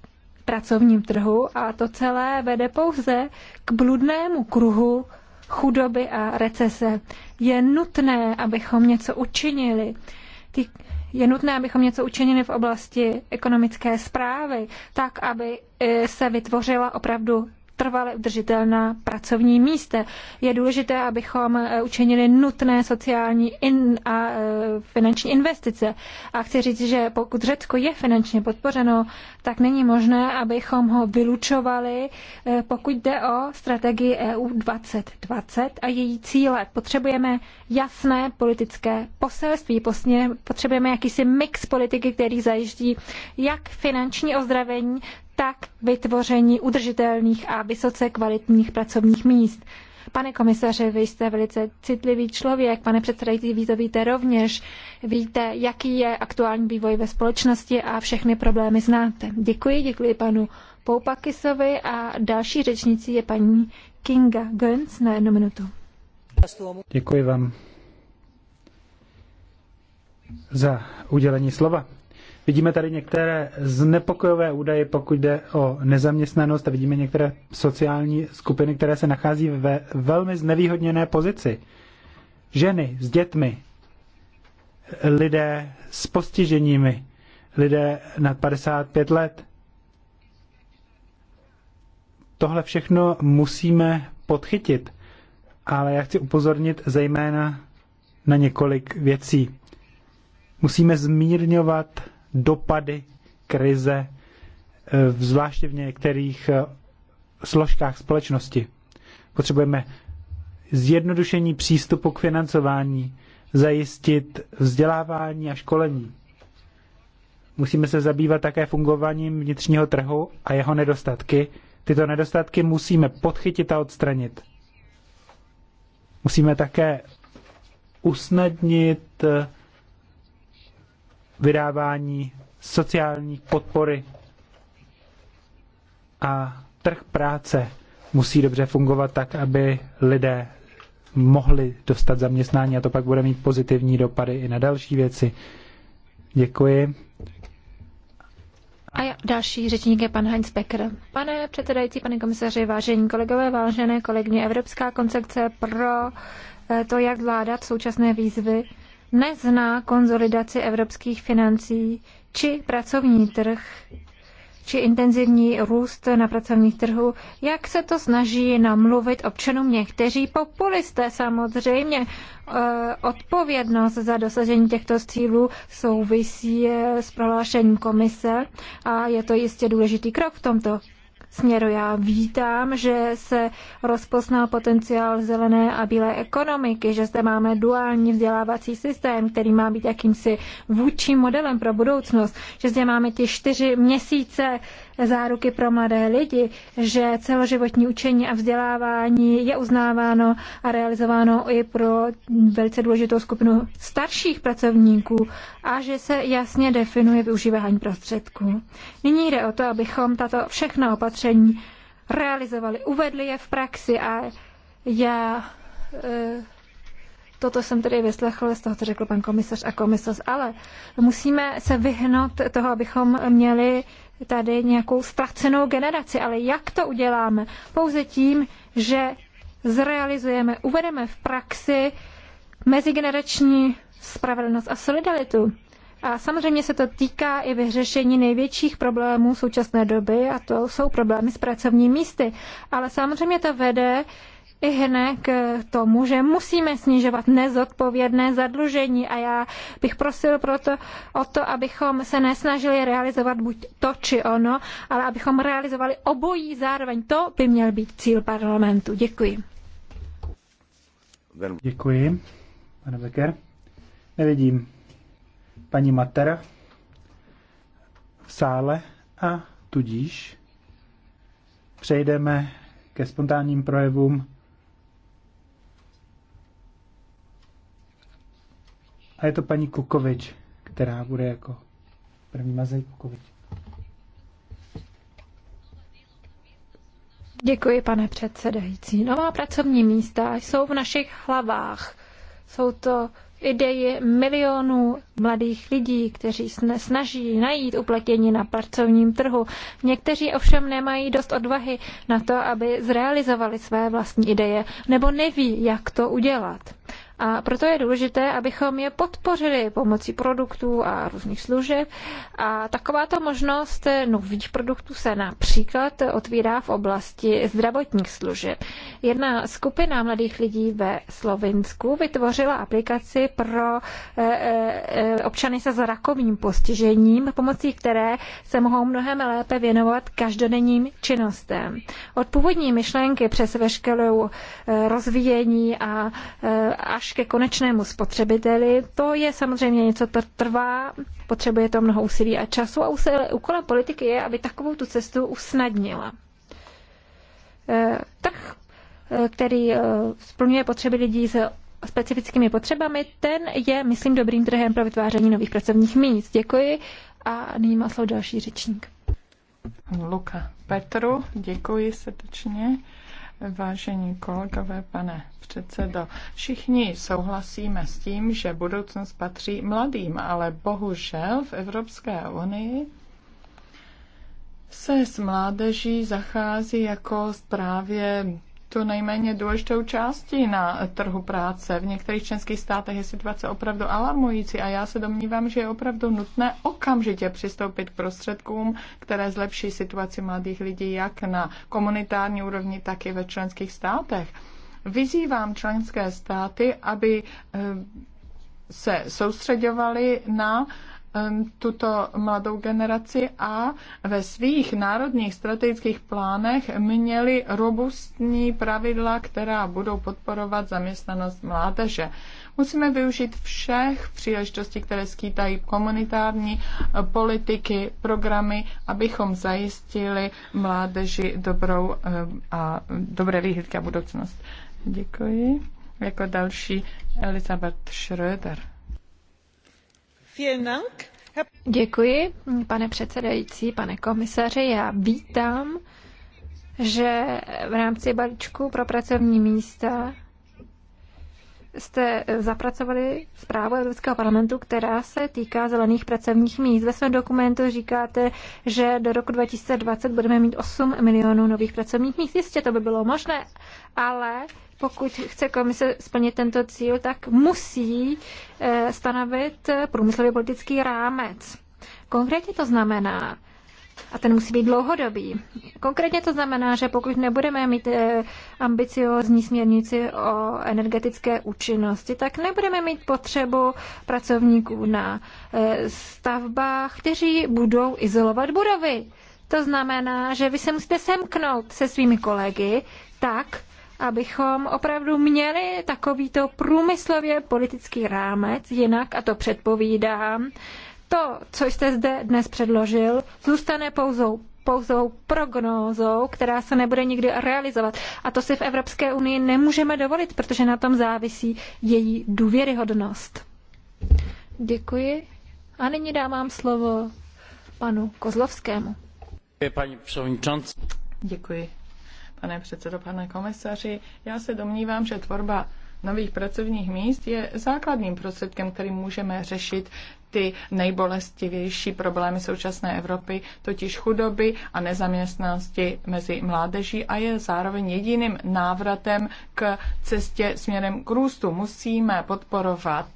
pracovním trhu a to celé vede pouze k bludnému kruhu chudoby a recese. Je nutné, abychom něco učinili. Ty, je nutné, abychom něco učinili v oblasti ekonomické zprávy, tak, aby eh, se vytvořila opravdu trvale udržitelná pracovní místa. Je důležité, abychom eh, učinili nutné sociální in a eh, finanční investice. A chci říct, že pokud Řecko je finančně podpořeno, tak není možné, abychom ho vylučovali, eh, pokud jde o strategii EU 2020 a její cíle. Potřebujeme jasné politické poselství, potřebujeme jakýsi mix politiky, který zajiští jak finanční ozdravení, tak vytvoření udržitelných a vysoce kvalitních pracovních míst. Pane komisaře, vy jste velice citlivý člověk, pane předsedající, vy to víte rovněž. Víte, jaký je aktuální vývoj ve společnosti a všechny problémy znáte. Děkuji, děkuji panu Poupakisovi a další řečnicí je paní Kinga Gönz na jednu minutu. Děkuji vám za udělení slova. Vidíme tady některé znepokojové údaje, pokud jde o nezaměstnanost a vidíme některé sociální skupiny, které se nachází ve velmi znevýhodněné pozici. Ženy s dětmi, lidé s postiženími, lidé nad 55 let. Tohle všechno musíme podchytit, ale já chci upozornit zejména na několik věcí. Musíme zmírňovat dopady krize, eh, zvláště v některých eh, složkách společnosti. Potřebujeme zjednodušení přístupu k financování, zajistit vzdělávání a školení. Musíme se zabývat také fungováním vnitřního trhu a jeho nedostatky. Tyto nedostatky musíme podchytit a odstranit. Musíme také usnadnit eh, vydávání sociální podpory a trh práce musí dobře fungovat tak, aby lidé mohli dostat zaměstnání a to pak bude mít pozitivní dopady i na další věci. Děkuji. A další řečník je pan Heinz Becker. Pane předsedající, pane komisaři, vážení kolegové, vážené kolegyně, Evropská koncepce pro eh, to, jak zvládat současné výzvy, nezná konzolidaci evropských financí či pracovní trh či intenzivní růst na pracovních trhu, jak se to snaží namluvit občanům někteří populisté samozřejmě. Eh, odpovědnost za dosažení těchto cílů souvisí eh, s prohlášením komise a je to jistě důležitý krok v tomto směru. Já vítám, že se rozpoznal potenciál zelené a bílé ekonomiky, že zde máme duální vzdělávací systém, který má být jakýmsi vůdčím modelem pro budoucnost, že zde máme ty čtyři měsíce záruky pro mladé lidi, že celoživotní učení a vzdělávání je uznáváno a realizováno i pro velice důležitou skupinu starších pracovníků a že se jasně definuje využívání prostředků. Nyní jde o to, abychom tato všechna opatření realizovali, uvedli je v praxi a já eh, Toto jsem tedy vyslechl z toho, co řekl pan komisař a komisař, ale musíme se vyhnout toho, abychom měli tady nějakou ztracenou generaci. Ale jak to uděláme? Pouze tím, že zrealizujeme, uvedeme v praxi mezigenerační spravedlnost a solidaritu. A samozřejmě se to týká i vyřešení největších problémů současné doby, a to jsou problémy s pracovními místy. Ale samozřejmě to vede i hne k tomu, že musíme snižovat nezodpovědné zadlužení a já bych prosil proto o to, abychom se nesnažili realizovat buď to či ono, ale abychom realizovali obojí zároveň. To by měl být cíl parlamentu. Děkuji. Děkuji, pane Becker. Nevidím paní Matera v sále a tudíž přejdeme ke spontánním projevům A je to paní Kukovič, která bude jako první Mazej Kukovič. Děkuji, pane předsedající. Nová pracovní místa jsou v našich hlavách. Jsou to ideje milionů mladých lidí, kteří se snaží najít uplatnění na pracovním trhu. Někteří ovšem nemají dost odvahy na to, aby zrealizovali své vlastní ideje, nebo neví, jak to udělat. A proto je důležité, abychom je podpořili pomocí produktů a různých služeb. A takováto možnost nových produktů se například otvírá v oblasti zdravotních služeb. Jedna skupina mladých lidí ve Slovinsku vytvořila aplikaci pro eh, eh, občany se zrakovým postižením, pomocí které se mohou mnohem lépe věnovat každodenním činnostem. Od původní myšlenky přes veškerou eh, rozvíjení a až až ke konečnému spotřebiteli, to je samozřejmě něco, co trvá, potřebuje to mnoho úsilí a času a úkolem politiky je, aby takovou tu cestu usnadnila. Eh, trh, eh, který eh, splňuje potřeby lidí s specifickými potřebami, ten je, myslím, dobrým trhem pro vytváření nových pracovních míst. Děkuji a nyní má slovo další řečník. Luka Petru, děkuji srdečně. Vážení kolegové, pane předsedo, všichni souhlasíme s tím, že budoucnost patří mladým, ale bohužel v Evropské unii se s mládeží zachází jako právě tu nejméně důležitou částí na trhu práce. V některých členských státech je situace opravdu alarmující a já se domnívám, že je opravdu nutné okamžitě přistoupit k prostředkům, které zlepší situaci mladých lidí jak na komunitární úrovni, tak i ve členských státech. Vyzývám členské státy, aby eh, se soustředovali na uh, Um, tuto mladou generaci a ve svých národních strategických plánech měli robustní pravidla, která budou podporovat zaměstnanost mládeže. Musíme využít všech příležitostí, které skýtají komunitární politiky, programy, abychom zajistili mládeži dobrou eh, a dobré výhledky a budoucnost. Děkuji. Jako další Elizabeth Schröder. Děkuji, pane předsedající, pane komisaři. Já vítám, že v rámci balíčku pro pracovní místa jste zapracovali zprávu Evropského parlamentu, která se týká zelených pracovních míst. Ve svém dokumentu říkáte, že do roku 2020 budeme mít 8 milionů nových pracovních míst. Jistě to by bylo možné, ale pokud chce komise splnit tento cíl, tak musí eh, stanovit průmyslově politický rámec. Konkrétně to znamená, a ten musí být dlouhodobý. Konkrétně to znamená, že pokud nebudeme mít eh, ambiciozní směrnici o energetické účinnosti, tak nebudeme mít potřebu pracovníků na eh, stavbách, kteří budou izolovat budovy. To znamená, že vy se musíte semknout se svými kolegy tak, abychom opravdu měli takovýto průmyslově politický rámec, jinak, a to předpovídám, to, co jste zde dnes předložil, zůstane pouzou pouzou prognózou, která se nebude nikdy realizovat. A to si v Evropské unii nemůžeme dovolit, protože na tom závisí její důvěryhodnost. Děkuji. A nyní dávám slovo panu Kozlovskému. Děkuji, paní předsedající. Děkuji, pane předsedo, pane komisaři. Já se domnívám, že tvorba nových pracovních míst je základním prostředkem, který můžeme řešit ty nejbolestivější problémy současné Evropy, totiž chudoby a nezaměstnanosti mezi mládeží a je zároveň jediným návratem k cestě směrem k růstu. Musíme podporovat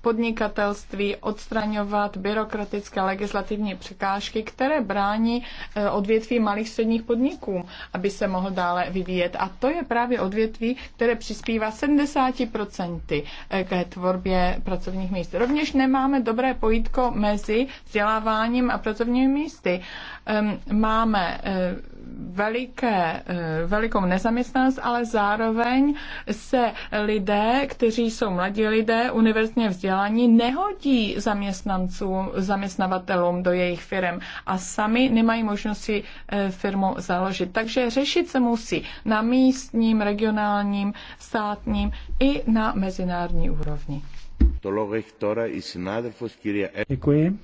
podnikatelství, odstraňovat byrokratické legislativní překážky, které brání eh, odvětví malých středních podniků, aby se mohl dále vyvíjet. A to je právě odvětví, které přispívá 70% eh, ke tvorbě pracovních míst. Rovněž nemáme dobré pojítko mezi vzděláváním a pracovními místy. Máme eh, veliké, eh, velikou nezaměstnanost, ale zároveň se lidé, kteří jsou mladí lidé, univerzitně vzdělaní, nehodí zaměstnancům, zaměstnavatelům do jejich firm a sami nemají možnosti eh, firmu založit. Takže řešit se musí na místním, regionálním, státním i na mezinárodní úrovni. Děkuji.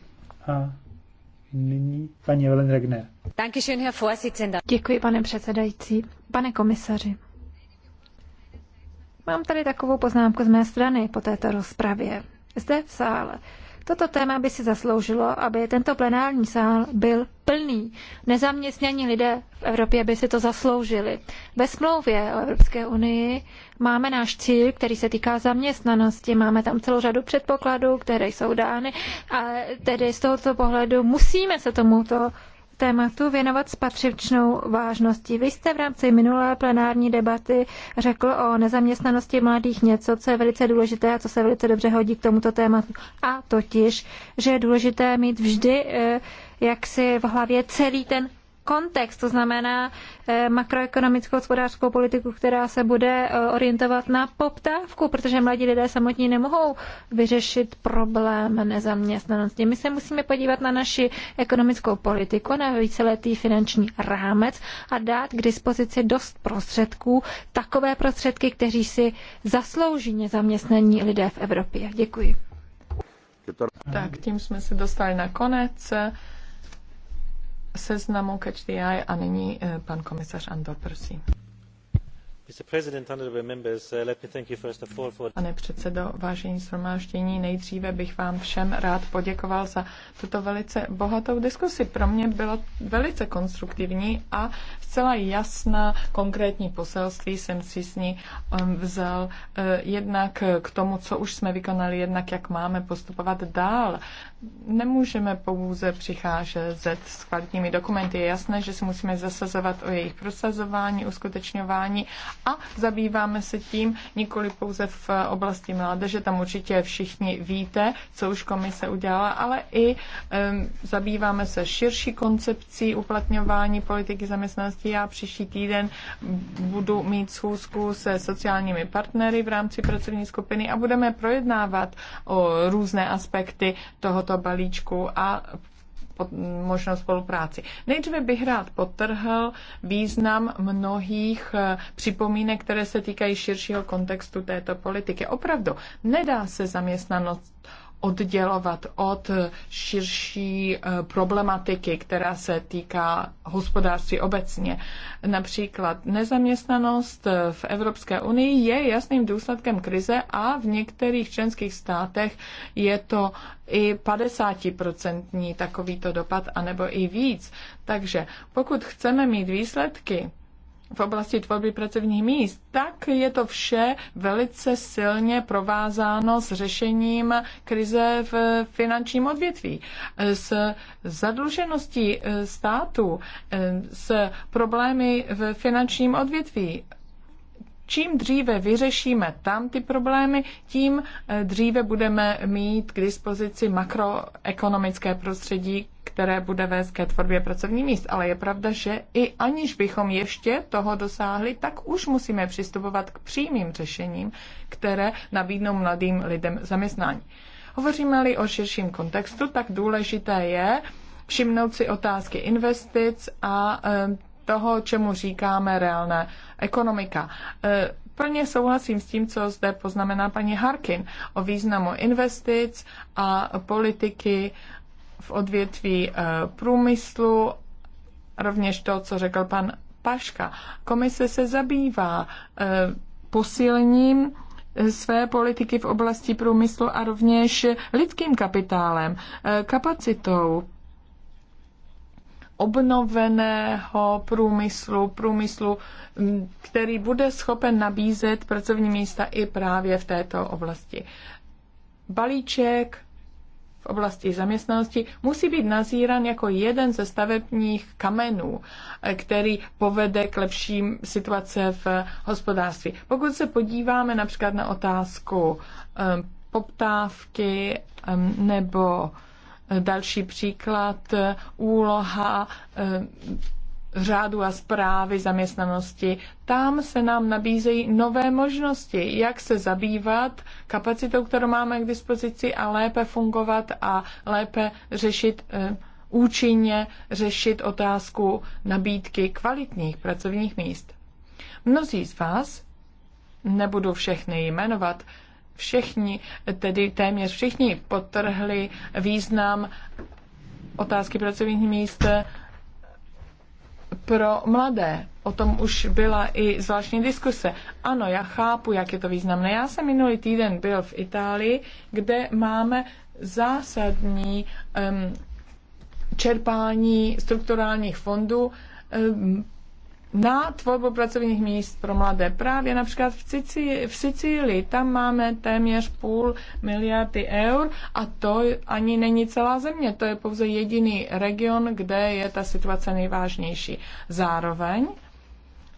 A nyní paní Evelyn Regner. Děkuji, pane předsedající. Pane komisaři, mám tady takovou poznámku z mé strany po této rozpravě. Zde v sále Toto téma by si zasloužilo, aby tento plenární sál byl plný. Nezaměstnaní lidé v Evropě by si to zasloužili. Ve smlouvě o Evropské unii máme náš cíl, který se týká zaměstnanosti. Máme tam celou řadu předpokladů, které jsou dány. A tedy z tohoto pohledu musíme se tomuto tématu věnovat spatřičnou vážností. Vy jste v rámci minulé plenární debaty řekl o nezaměstnanosti mladých něco, co je velice důležité a co se velice dobře hodí k tomuto tématu. A totiž, že je důležité mít vždy eh, jak si v hlavě celý ten kontext, to znamená eh, makroekonomickou hospodářskou politiku, která se bude eh, orientovat na poptávku, protože mladí lidé samotní nemohou vyřešit problém nezaměstnanosti. My se musíme podívat na naši ekonomickou politiku, na víceletý finanční rámec a dát k dispozici dost prostředků, takové prostředky, kteří si zaslouží nezaměstnaní lidé v Evropě. Děkuji. Tak tím jsme se dostali na konec seznamu Catch the Eye a nyní eh, pan komisař Andor, prosím. Pane předsedo, vážení shromáždění, nejdříve bych vám všem rád poděkoval za tuto velice bohatou diskusi. Pro mě bylo velice konstruktivní a zcela jasná konkrétní poselství jsem si s ní um, vzal uh, jednak k tomu, co už jsme vykonali, jednak jak máme postupovat dál. Nemůžeme pouze přicházet s kvalitními dokumenty. Je jasné, že se musíme zasazovat o jejich prosazování, uskutečňování a zabýváme se tím nikoli pouze v oblasti mládeže, tam určitě všichni víte, co už komise udělala, ale i um, zabýváme se širší koncepcí uplatňování politiky zaměstnanosti. Já příští týden budu mít schůzku se sociálními partnery v rámci pracovní skupiny a budeme projednávat o různé aspekty tohoto balíčku a možnou spolupráci. Nejdříve bych rád potrhl význam mnohých eh, připomínek, které se týkají širšího kontextu této politiky. Opravdu, nedá se zaměstnanost oddělovat od širší eh, problematiky, která se týká hospodářství obecně. Například nezaměstnanost eh, v Evropské unii je jasným důsledkem krize a v některých členských státech je to i 50% takovýto dopad, anebo i víc. Takže pokud chceme mít výsledky, v oblasti tvorby pracovních míst, tak je to vše velice silně provázáno s řešením krize v finančním odvětví, s zadlužeností eh, státu, eh, s problémy v finančním odvětví. Čím dříve vyřešíme tam ty problémy, tím eh, dříve budeme mít k dispozici makroekonomické prostředí, které bude vést ke tvorbě pracovních míst. Ale je pravda, že i aniž bychom ještě toho dosáhli, tak už musíme přistupovat k přímým řešením, které nabídnou mladým lidem zaměstnání. Hovoříme-li o širším kontextu, tak důležité je všimnout si otázky investic a e, toho, čemu říkáme reálná ekonomika. E, plně souhlasím s tím, co zde poznamená paní Harkin o významu investic a politiky v odvětví eh, průmyslu, rovněž to, co řekl pan Paška. Komise se zabývá eh, posílením eh, své politiky v oblasti průmyslu a rovněž lidským kapitálem, kapacitou obnoveného průmyslu, průmyslu, mm, který bude schopen nabízet pracovní místa i právě v této oblasti. Balíček v oblasti zaměstnanosti musí být nazíran jako jeden ze stavebních kamenů, eh, který povede k lepším situace v hospodářství. Pokud se podíváme například na otázku ehm, poptávky ehm, nebo eh, další příklad eh, úloha ehm, řádu a zprávy zaměstnanosti, tam se nám nabízejí nové možnosti, jak se zabývat kapacitou, kterou máme k dispozici a lépe fungovat a lépe řešit eh, účinně řešit otázku nabídky kvalitních pracovních míst. Mnozí z vás, nebudu všechny jmenovat, všichni, tedy téměř všichni, potrhli význam otázky pracovních míst pro mladé. O tom už byla i zvláštní diskuse. Ano, já chápu, jak je to významné. Já jsem minulý týden byl v Itálii, kde máme zásadní um, čerpání strukturálních fondů um, na tvorbu pracovních míst pro mladé. Právě například v, Sicílii, v Sicílii, tam máme téměř půl miliardy eur a to ani není celá země, to je pouze jediný region, kde je ta situace nejvážnější. Zároveň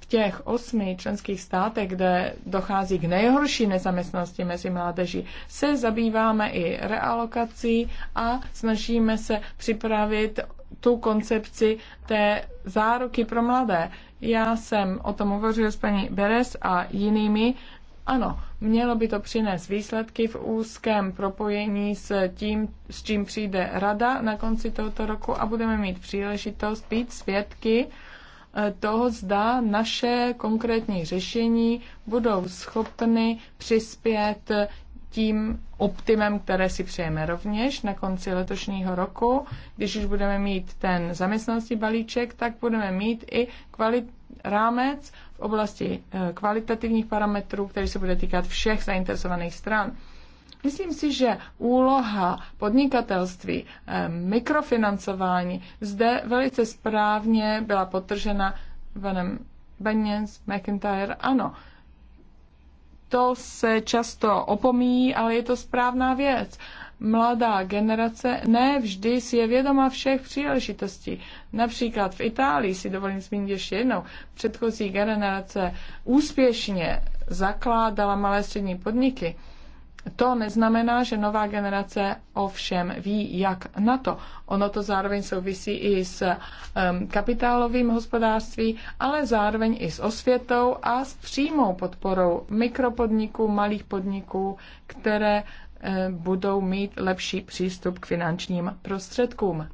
v těch osmi členských státech, kde dochází k nejhorší nezaměstnanosti mezi mládeží, se zabýváme i realokací a snažíme se připravit tu koncepci té záruky pro mladé. Já jsem o tom hovořil s paní Beres a jinými. Ano, mělo by to přinést výsledky v úzkém propojení s tím, s čím přijde rada na konci tohoto roku a budeme mít příležitost být svědky eh, toho, zda naše konkrétní řešení budou schopny přispět tím optimem, které si přejeme rovněž na konci letošního roku. Když už budeme mít ten zaměstnanostní balíček, tak budeme mít i kvalit, rámec v oblasti eh, kvalitativních parametrů, který se bude týkat všech zainteresovaných stran. Myslím si, že úloha podnikatelství, eh, mikrofinancování zde velice správně byla potržena panem Beněz, McIntyre, ano to se často opomíjí, ale je to správná věc. Mladá generace ne vždy si je vědoma všech příležitostí. Například v Itálii, si dovolím zmínit ještě jednou, předchozí generace úspěšně zakládala malé střední podniky to neznamená, že nová generace ovšem ví, jak na to. Ono to zároveň souvisí i s um, kapitálovým hospodářství, ale zároveň i s osvětou a s přímou podporou mikropodniků, malých podniků, které eh, budou mít lepší přístup k finančním prostředkům.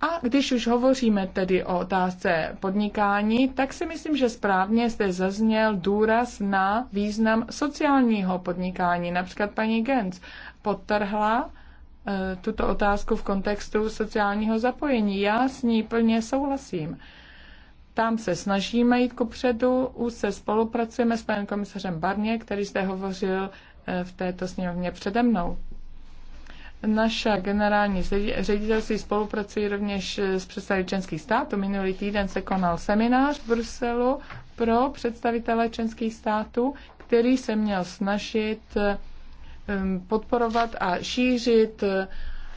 A když už hovoříme tedy o otázce podnikání, tak si myslím, že správně zde zazněl důraz na význam sociálního podnikání. Například paní Gens podtrhla eh, tuto otázku v kontextu sociálního zapojení. Já s ní plně souhlasím. Tam se snažíme jít kupředu, už se spolupracujeme s panem komisařem Barně, který zde hovořil eh, v této sněmovně přede mnou. Naša generální ředitelství spolupracují rovněž eh, s představiteli členských států. Minulý týden se konal seminář v Bruselu pro představitele členských států, který se měl snažit eh, podporovat a šířit eh,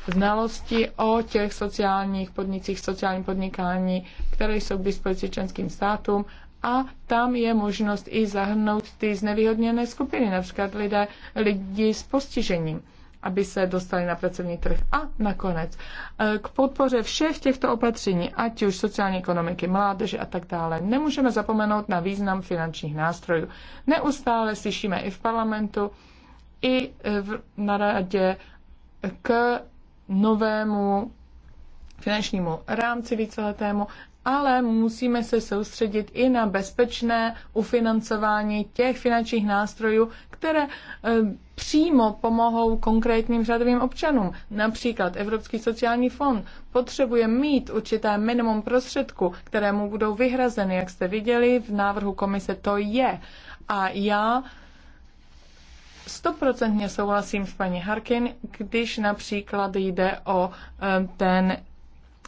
znalosti o těch sociálních podnicích, sociálním podnikání, které jsou k dispozici členským státům a tam je možnost i zahrnout ty znevýhodněné skupiny, například lidé, lidi s postižením aby se dostali na pracovní trh. A nakonec e, k podpoře všech těchto opatření, ať už sociální ekonomiky, mládeže a tak dále, nemůžeme zapomenout na význam finančních nástrojů. Neustále slyšíme i v parlamentu, i v, naradě radě k novému finančnímu rámci víceletému ale musíme se soustředit i na bezpečné ufinancování těch finančních nástrojů, které eh, přímo pomohou konkrétním řadovým občanům. Například Evropský sociální fond potřebuje mít určité minimum prostředku, které mu budou vyhrazeny. Jak jste viděli, v návrhu komise to je. A já stoprocentně souhlasím s paní Harkin, když například jde o eh, ten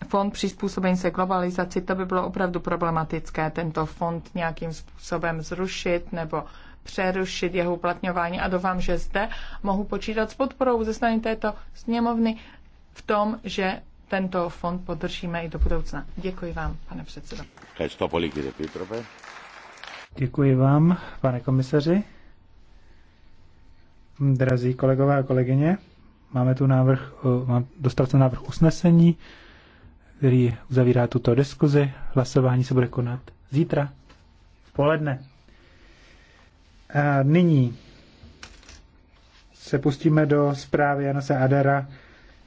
fond přizpůsobení se globalizaci, to by bylo opravdu problematické, tento fond nějakým způsobem zrušit nebo přerušit jeho uplatňování a doufám, že zde mohu počítat s podporou ze strany této sněmovny v tom, že tento fond podržíme i do budoucna. Děkuji vám, pane předsedo. Děkuji vám, pane komisaři. Drazí kolegové a kolegyně, máme tu návrh, eh, dostal jsem návrh usnesení který uzavírá tuto diskuzi. Hlasování se bude konat zítra v poledne. A nyní se pustíme do zprávy Janose Adera,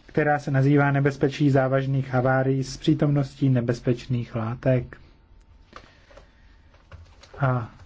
která se nazývá Nebezpečí závažných havárií s přítomností nebezpečných látek. A